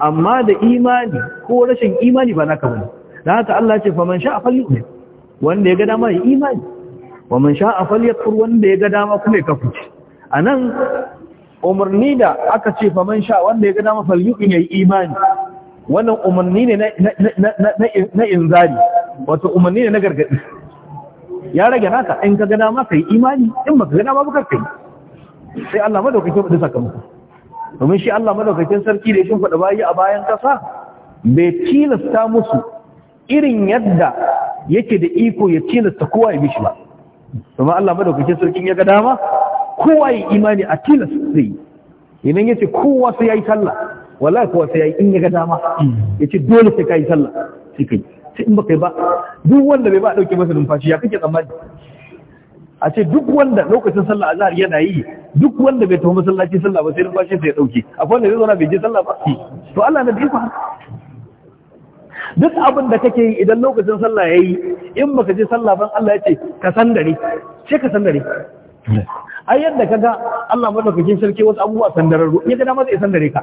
amma da imani ko rashin imani ba naka bane da haka Allah ce faman sha'a falyu'min wanda ya ga dama ya imani wa man sha'a falyakfur wanda ya ga dama kuma ya A anan umarni da aka ce faman sha wanda ya ga dama falyu'min ya yi imani wannan umarni ne na inzari wato umarni ne na gargadi ya rage naka in ka ga dama kai imani in baka ga dama baka kai sai Allah madaukakin faɗi sakamako domin shi Allah madaukakin sarki da shin faɗa bayi a bayan kasa bai tilasta musu irin yadda yake da iko ya tilasta kowa ya mishi ba domin Allah madaukakin sarki ya ga dama kowa ya imani a tilasta sai idan yace kowa sai yayi sallah wallahi kowa sai yayi in ya ga dama yace dole sai kai sallah sai kai sai in ba kai ba duk wanda bai ba dauke masa numfashi ya kake tsammani a ce duk wanda lokacin sallah azhar yana yi duk wanda bai tafi masallaci sallah ba sai numfashin sai ya dauke akwai wanda zai zauna bai je sallah ba to Allah na dinka duk abin da kake yi idan lokacin sallah yayi in baka je sallah ban Allah ya ce ka san dare ce ka san dare ai yadda kaga Allah madaukakin sarki wasu abubuwa sandararru ya ga dama zai san dare ka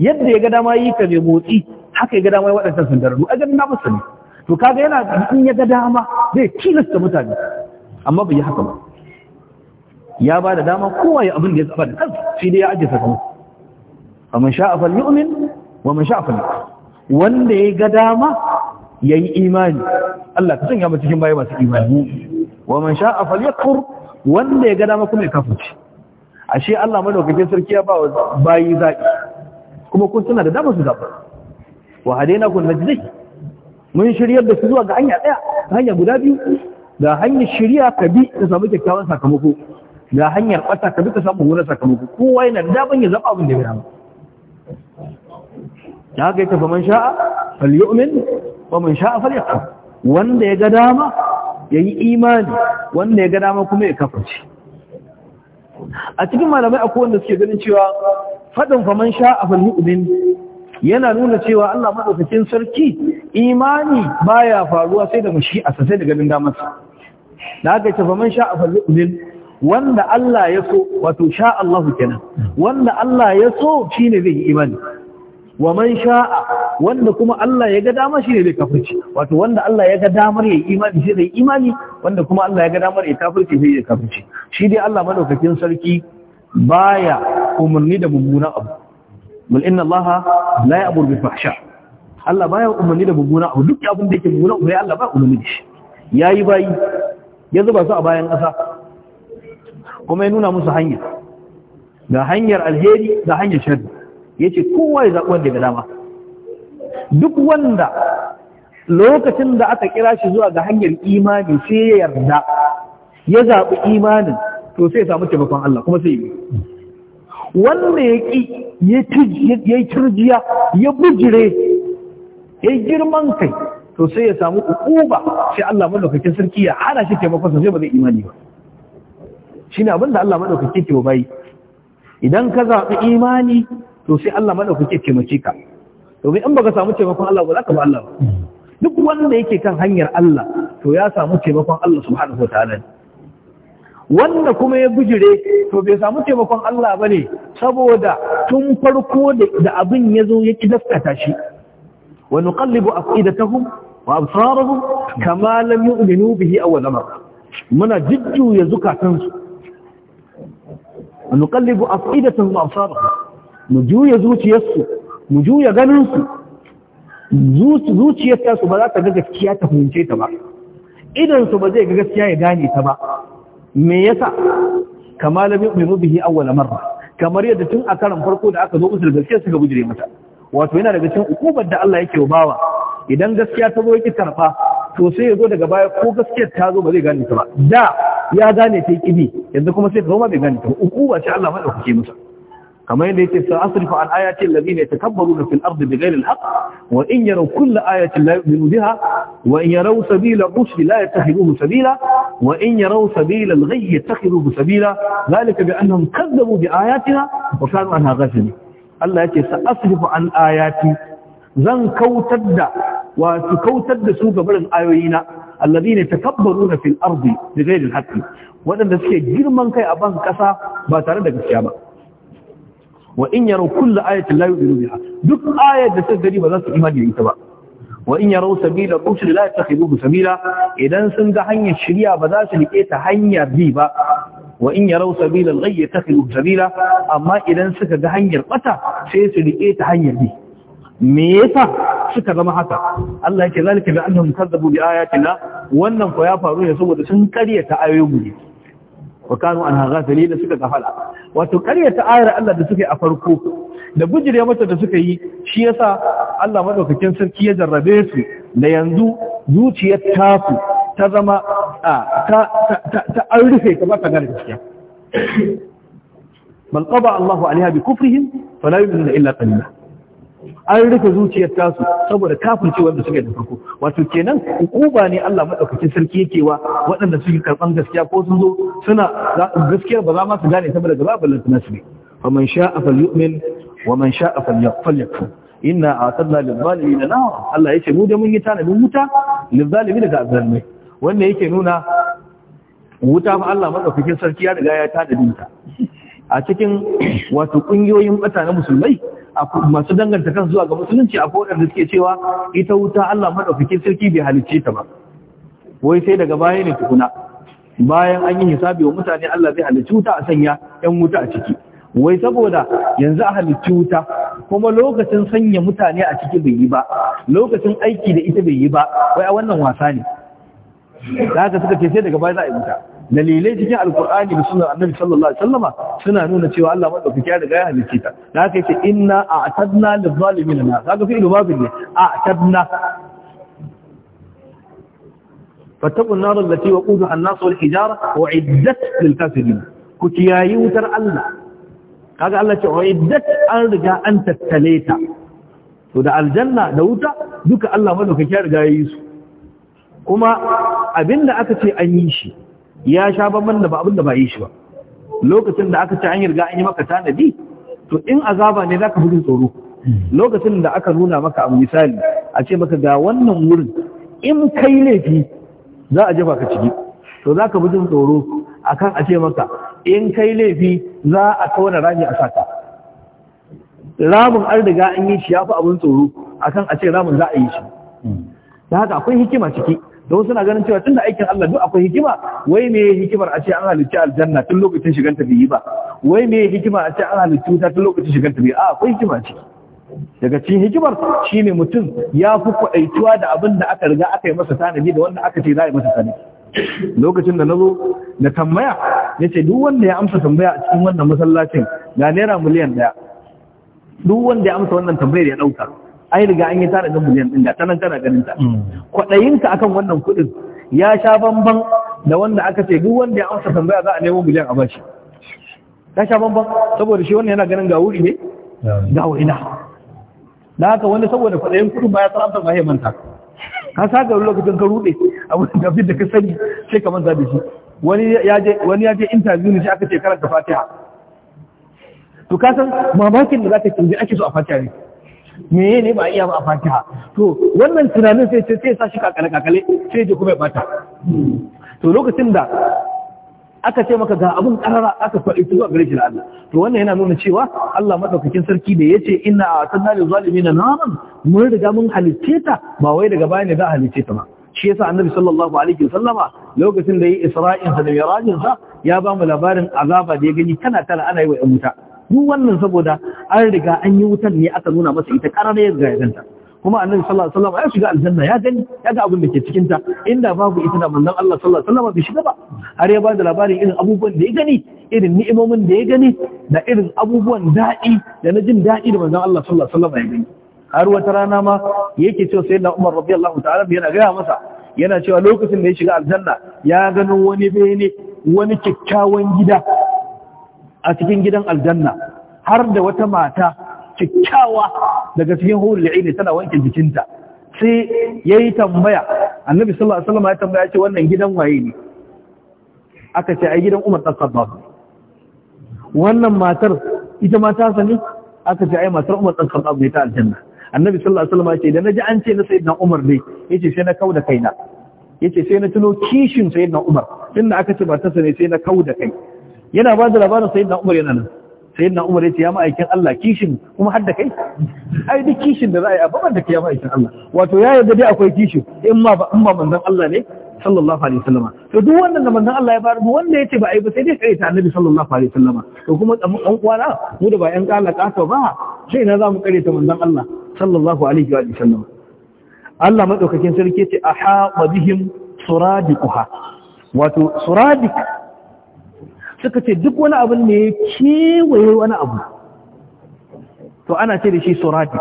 yadda ya ga dama yi ka mai motsi haka ya ga dama yi san sandararru a ga na musu ne to kaga yana in ya ga dama zai tilasta mutane amma bai yi haka ba ya ba da dama kowa ya abin da ya tsaba da kansu shi dai ya ajiye sakamako faman sha'a yu'min wa man sha'a fal wanda ya ga dama ya yi imani Allah ka sanya mutum cikin baya masu imani wa man sha'a yakfur wanda ya ga dama kuma ya kafirce ashe Allah madaukakin sarki ya ba wa bayi zaki kuma kun suna da dama su zaba wa hadaina kun najdi mun shiryar da su zuwa ga hanya daya hanya guda biyu ga hanyar shirya ka bi ka samu kyakkyawan sakamako ga hanyar ɓata ka bi ka samu wurin sakamako kowa yana da daban ya zaɓa abin da ya rama da haka yake faman sha'a falyu'min faman sha'a falyakfur wanda ya ga dama ya yi imani wanda ya ga dama kuma ya kafarci a cikin malamai akwai wanda suke ganin cewa faɗin faman sha'a falyu'min yana nuna cewa Allah madaukakin sarki imani baya faruwa sai da mushi sai da ganin damarsa da haka ce faman sha afalil wanda Allah ya so wato sha Allah kenan wanda Allah ya so shine zai yi imani wa man sha'a wanda kuma Allah ya ga dama shine zai kafirci wato wanda Allah ya ga damar yayi imani sai zai imani wanda kuma Allah ya ga damar yayi kafirci sai zai kafirci shi dai Allah madaukakin sarki baya umarni da mummunan abu bal inna allaha la ya'mur bi fahsha Allah baya umarni da buguna. abu duk abin da yake buguna, umarni Allah ba umarni da shi yayi bayi ya zuba su a bayan kasa. kuma ya nuna musu hanya ga hanyar alheri ga hanyar sharri yace kowa ya zaɓi wanda ga dama duk wanda lokacin da aka kira shi zuwa ga hanyar imani sai ya yarda ya zaɓi imanin to sai ya samu taimakon Allah kuma sai ya yi wanda ya ƙi ya yi turjiya ya bujire ya yi girman kai to sai ya samu ukuba sai Allah madaukakin sarki ya hana shi taimakon sai ba zai imani ba shi ne abinda Allah madaukakin ke bayi idan ka zaɓi imani to sai Allah madaukakin mace ka domin in ba ka samu taimakon Allah ba za ka ba Allah ba duk wanda yake kan hanyar Allah to ya samu taimakon Allah subhanahu wa ta'ala wanda kuma ya bujire to bai samu taimakon Allah ba ne saboda tun farko da abin ya zo ya kidaskata shi wa nuqallibu afidatahum wa absarahum kama lam yu'minu bihi awwal marra muna jujjuya zukatansu wa nuqallibu afidatahum wa absarahum mu juya zuciyarsu mu juya ganinsu zuciyarta su ba za ta ga gaskiya ta fahimce ta ba idan su ba zai ga gaskiya ya gane ta ba me yasa kama lam yu'minu bihi awwal marra kamar yadda tun a karan farko da aka zo musu gaskiya suka bujire mata wato yana daga cikin ukubar da Allah yake bawa idan gaskiya ta zo yake karfa to sai ya zo daga baya ko gaskiyar ta zo ba zai gane ta ba da ya gane ta yi kibi yanzu kuma sai ta zo ma bai gane ta ba ukuba ce Allah madaukake masa kamar yadda yake sa asrifu an ayati allazina yatakabbaruna fil ardi bighayri alhaq wa in yaraw kull ayatin la yu'minu biha wa in yaraw sabila rushd la yattakhiduhu sabila wa in yaraw sabila alghayy yattakhiduhu sabila zalika bi annahum kazzabu bi ayatina wa kanu anha ghafilin Allah yake sa asrifu an ayati zan kautar da wato kautar da su gabarin ayoyina allazina yatakabbaruna fil ardi bighayri alhaq wadanda suke girman kai a ban kasa ba tare da gaskiya ba wa in yaro kullu ayatin la yu'minu biha duk ayat da suka gari ba za su imani da ita ba wa in yaro sabila rusul la yattakhidhu sabila idan sun ga hanyar shirya ba za su rike ta hanyar bi ba wa in yaro sabila al-ghayy yattakhidhu sabila amma idan suka ga hanyar bata sai su rike ta hanyar bi me yasa suka zama haka Allah yake zalika bi annahum kazzabu bi ayatina wannan ko ya faru ne saboda sun karyata ayoyin mu wa kanu anha ghafilin suka gafala wato ƙaryata ayar Allah da suka yi a farko da bujire mata da suka yi shi yasa Allah madaukakin sarki ya jarrabe su da yanzu zuciyar ta zama ta an rufe kamar ta gane gaskiya bal qada Allahu alaiha bi kufrihim fala yu'minu illa qalila an rufe zuciyar tasu saboda kafin cewa wanda suka da farko wato kenan hukuma ne Allah madaukakin sarki yake wa waɗanda suke karban gaskiya ko sun zo suna gaskiyar ba za ma su gane saboda gaba ballan su nasu ne faman sha'a falyu'min wa man sha'a falyakfur inna a'tadna lil-zalimin nar Allah yace mu da mun yi tanadin wuta lil-zalimin daga azalmai wannan yake nuna wuta fa Allah madaukakin sarki ya riga ya tada ta a cikin wato kungiyoyin mutanen na musulmai masu danganta kansu zuwa ga musulunci a kodar da suke cewa ita wuta Allah madaukakin sarki bai halicce ta ba wai sai daga baya ne tukuna bayan an yi hisabi wa mutane Allah zai halicci wuta a sanya yan wuta a ciki wai saboda yanzu a halicci wuta kuma lokacin sanya mutane a ciki bai yi ba lokacin aiki da ita bai yi ba wai a wannan wasa ne da haka suka ce sai daga baya za a yi wuta dalilai cikin alkur'ani da sunan annabi sallallahu alaihi wasallama suna nuna cewa Allah madaukaki ya riga ya halice ta da haka yace inna a'tadna lizalimin na kaga fi ilu babu ne a'tadna fattaqu an-nar allati waquduha an-nas wal hijara u'iddat lil kafirin ku kiyayi wutar Allah kaga Allah ce u'iddat an riga an tattale ta to da aljanna da wuta duka Allah madaukaki ya riga ya yi su kuma abinda aka ce an yi shi ya sha bamban da ba abin da ba yi shi ba lokacin da aka ci an riga an yi maka tanadi to in azaba ne zaka fi tsoro lokacin da aka nuna maka abu misali a ce maka ga wannan wurin in kai laifi za a jefa ka ciki to zaka fi tsoro akan a ce maka in kai laifi za a tauna rami a saka ramin an riga an yi shi ya fi abin tsoro akan a ce ramin za a yi shi hmm. da haka akwai hikima ciki don suna ganin cewa tun da aikin Allah duk akwai hikima wai me hikimar a ce an halicci aljanna tun lokacin shigar ta biyi ba wai me hikima a ce an halicci wuta tun lokacin shigar ta biyi a akwai hikima ce daga cikin hikimar shine mutum ya fi kwaɗaituwa da abin da aka riga aka yi masa tanadi da wanda aka ce za a yi masa tanadi lokacin da na zo na tambaya ya ce duk wanda ya amsa tambaya a cikin wannan masallacin ga naira miliyan ɗaya duk wanda ya amsa wannan tambayar ya ɗauka ai riga an yi tara ga miliyan ɗin da ta nan tana ganin ta mm. kwaɗayinka akan wannan kuɗin ya sha bamban da wanda aka ce duk wanda ya amsa tambaya za a nemo miliyan a bashi ya sha bamban saboda shi wannan yana ganin ga wuri ne mm. ga Na da haka wani saboda kwaɗayin kuɗin ba ya san amsa ba ya manta ka sa ga lokacin ka ruɗe abin da fi da ka sani sai ka manta da shi wani ya je interview ne shi aka ce karanta fatiha to kasan mamakin da za ka ake so a fatiha ne me ne ba a iya ba a fatiha to wannan tunanin sai sai sa shi kakale kakale sai je kuma ya bata to lokacin da aka ce maka ga abun karara aka faɗi zuwa gare shi da Allah to wannan yana nuna cewa Allah madaukakin sarki da ya yace inna atanna lil na naman mun riga mun halicce ta ba wai daga baya ne za a ta ba shi yasa annabi sallallahu alaihi wasallama lokacin da ya yi isra'in sa da mirajin sa ya ba mu labarin azaba da ya gani kana tana ana yi wa yan wuta duk wannan saboda an riga an yi wutar ne aka nuna masa ita ƙarar ya ya ganta kuma annabi sallallahu alaihi wasallam ya shiga aljanna ya gani ya ga abin da ke cikin ta inda babu ita da manzon Allah sallallahu alaihi wasallam bai shiga ba har ya bada labarin irin abubuwan da ya gani irin ni'imomin da ya gani da irin abubuwan daɗi da na jin daɗi da manzon Allah sallallahu alaihi wasallam ya gani har wata rana ma yake cewa sayyidina Umar radiyallahu ta'ala yana gaya masa yana cewa lokacin da ya shiga aljanna ya gano wani bene wani kyakkyawan gida a cikin gidan aljanna har da wata mata kyakkyawa daga cikin hurul aini tana wanke jikinta sai ya yi tambaya annabi sallallahu alaihi wasallam ya tambaya ce wannan gidan waye ne aka ce ai gidan Umar Khattab wannan matar ita mata sa sani aka ce ai matar Umar Khattab ne ta aljanna annabi sallallahu alaihi wasallam ya ce da naji an ce na sayyidina Umar ne yace sai na kauda kaina yace sai na tuno kishin sayyidina Umar inda aka ce sa ne sai na kauda kai yana ba da labarin sayyidina umar yana nan sayyidina umar ya ce ya ma'aikin Allah kishin kuma hadda da kai ai duk kishin da za a yi ababan da ke ya ma'aikin Allah wato ya yarda dai akwai kishin in ma ba in ba manzon Allah ne sallallahu alaihi wasallam to duk wannan da manzon Allah ya bar mu wanda yace ba ai ba sai dai kai ta annabi sallallahu alaihi wasallam to kuma dan uwana mu da ba yan kala kato ba sai na zamu kare ta manzon Allah sallallahu alaihi wa sallam Allah madaukakin sarki ce aha wa bihim suradiquha wato suradik suka ce duk wani abin ne ya kewaye wani abu to ana ce da shi surati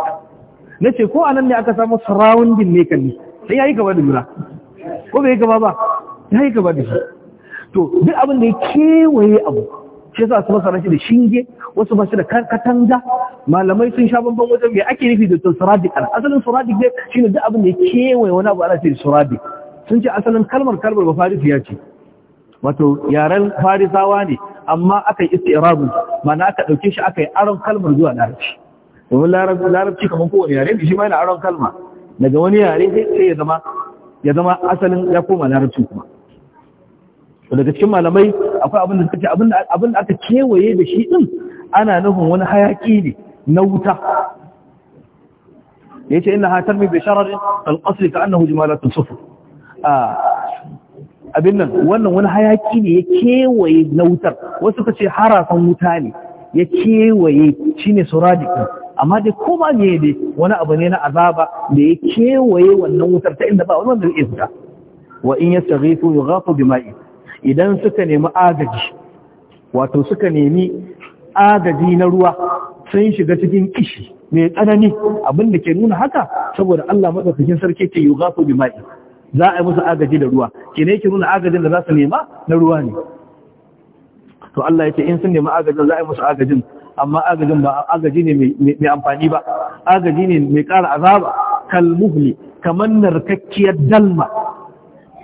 na ce ko anan ne aka samu surrounding ne kalli sai ya yi gaba da juna, ko bai yi gaba ba ya yi gaba da shi to duk abin da ya kewaye abu shi sa su masa rashi da shinge wasu masu da katanga malamai sun sha bambam wajen mai ake nufi da suradik ana asalin suradik ne shi ne duk abin da ya kewaye wani abu ana ce da suradik sun ce asalin kalmar kalmar ba ya ce wato yaren farisawa ne amma aka yi istirabu mana aka dauke shi aka yi aron kalmar zuwa larabci domin larabci kamar kowane yare ne shi ma yana aron kalma daga wani yare sai ya zama ya zama asalin ya koma larabci kuma daga cikin malamai akwai abin da suka ce abin da aka kewaye da shi din ana nufin wani hayaki ne na wuta yace inna hatarmi bi shararin al-qasr ka annahu jimalatun sufur ah, abin nan wannan wani hayaki ne ya kewaye na wutar wasu ka ce harasan wuta ne ya kewaye shi ne suradiq amma dai ko ma ne dai wani abu ne na azaba da ya kewaye wannan wutar ta inda ba wani wanda zai fita wa in ya ya yughathu bima'i idan suka nemi agaji wato suka nemi agaji na ruwa sun shiga cikin kishi mai tsanani abin da ke nuna haka saboda Allah madaukakin sarki ke yughathu bima'i za a yi musu agaji da ruwa kine ki nuna agajin da za su nema na ruwa ne to Allah ya ce in sun nema agajin za a yi musu agajin amma agajin ba agaji ne mai amfani ba agaji ne mai ƙara azaba kalmuhli kamar narkakkiyar dalma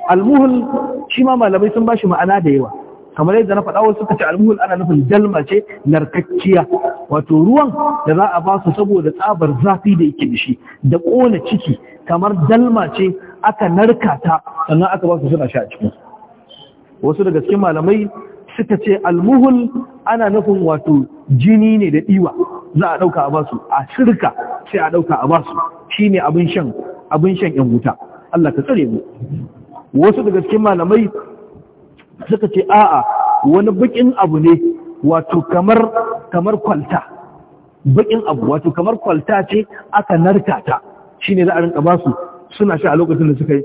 almuhul shi ma malamai sun ba shi ma'ana da yawa kamar yadda na faɗa wasu suka ce almuhul ana nufin dalma ce narkakkiya wato ruwan da za a ba su saboda tsabar zafi da yake da shi da ƙona ciki kamar dalma ce aka narka ta sannan aka ba su suna sha a cikin wasu daga cikin malamai suka ce almuhul ana nufin wato jini ne da diwa za a ɗauka a basu a shirka sai a ɗauka a basu shi ne abin shan abin shan ‘yan wuta Allah ka tsare mu wasu daga cikin malamai suka ce a'a wani bakin abu ne wato kamar kamar kwalta bukin abu wato kamar kwalta ce aka narka ta shi ne za a rinka basu suna sha a lokacin da suka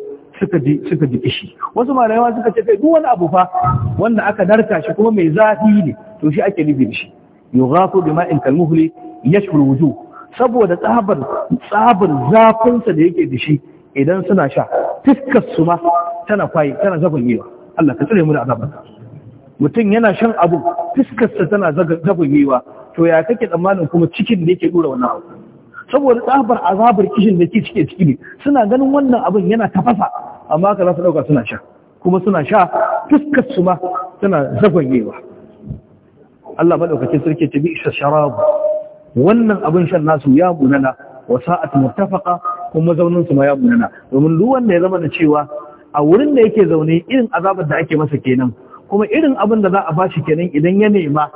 suka ji kishi wasu malamai suka ce kai duk wani abu fa wanda aka narka shi kuma mai zafi ne to shi ake nufi da shi yughafu bima'in kalmuhli yashful wujuh saboda tsabar tsabar zafin sa da yake da shi idan suna sha fiskar su ma tana kwaye tana Allah ka tsare mu da azabar mutum yana shan abu fiskar sa tana zagunyewa to ya kake tsammanin kuma cikin da yake dura wannan abu saboda tsabar azabar kishin da ke cike ciki ne suna ganin wannan abin yana tafasa amma ka za su ɗauka suna sha kuma suna sha fuskar su ma suna zagonyewa Allah maɗaukacin sarki ta bi isa sharabu wannan abin shan nasu ya munana wa sa'at murtafaka kuma mazaunin su ma ya munana domin duk wanda ya zama da cewa a wurin da yake zaune irin azabar da ake masa kenan kuma irin abin da za a bashi kenan idan ya nema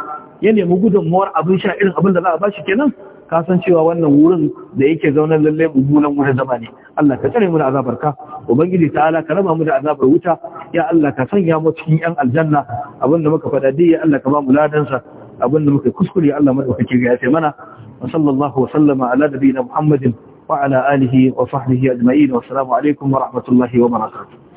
ya nemi gudunmuwar abin sha irin abin da za a bashi kenan ka san cewa wannan wurin da yake zaunan lallai mummunan wurin zama ne Allah ka tsare mu a azabar ka ubangiji ta'ala ka raba mu da azabar wuta ya Allah ka sanya mu cikin yan aljanna abinda muka faɗa dai ya Allah ka ba mu ladan sa abinda muka kuskure Allah madaukake ga yafe mana wa sallallahu wa sallama ala nabiyina muhammadin wa ala alihi wa sahbihi ajma'in wa assalamu alaikum wa rahmatullahi wa barakatuh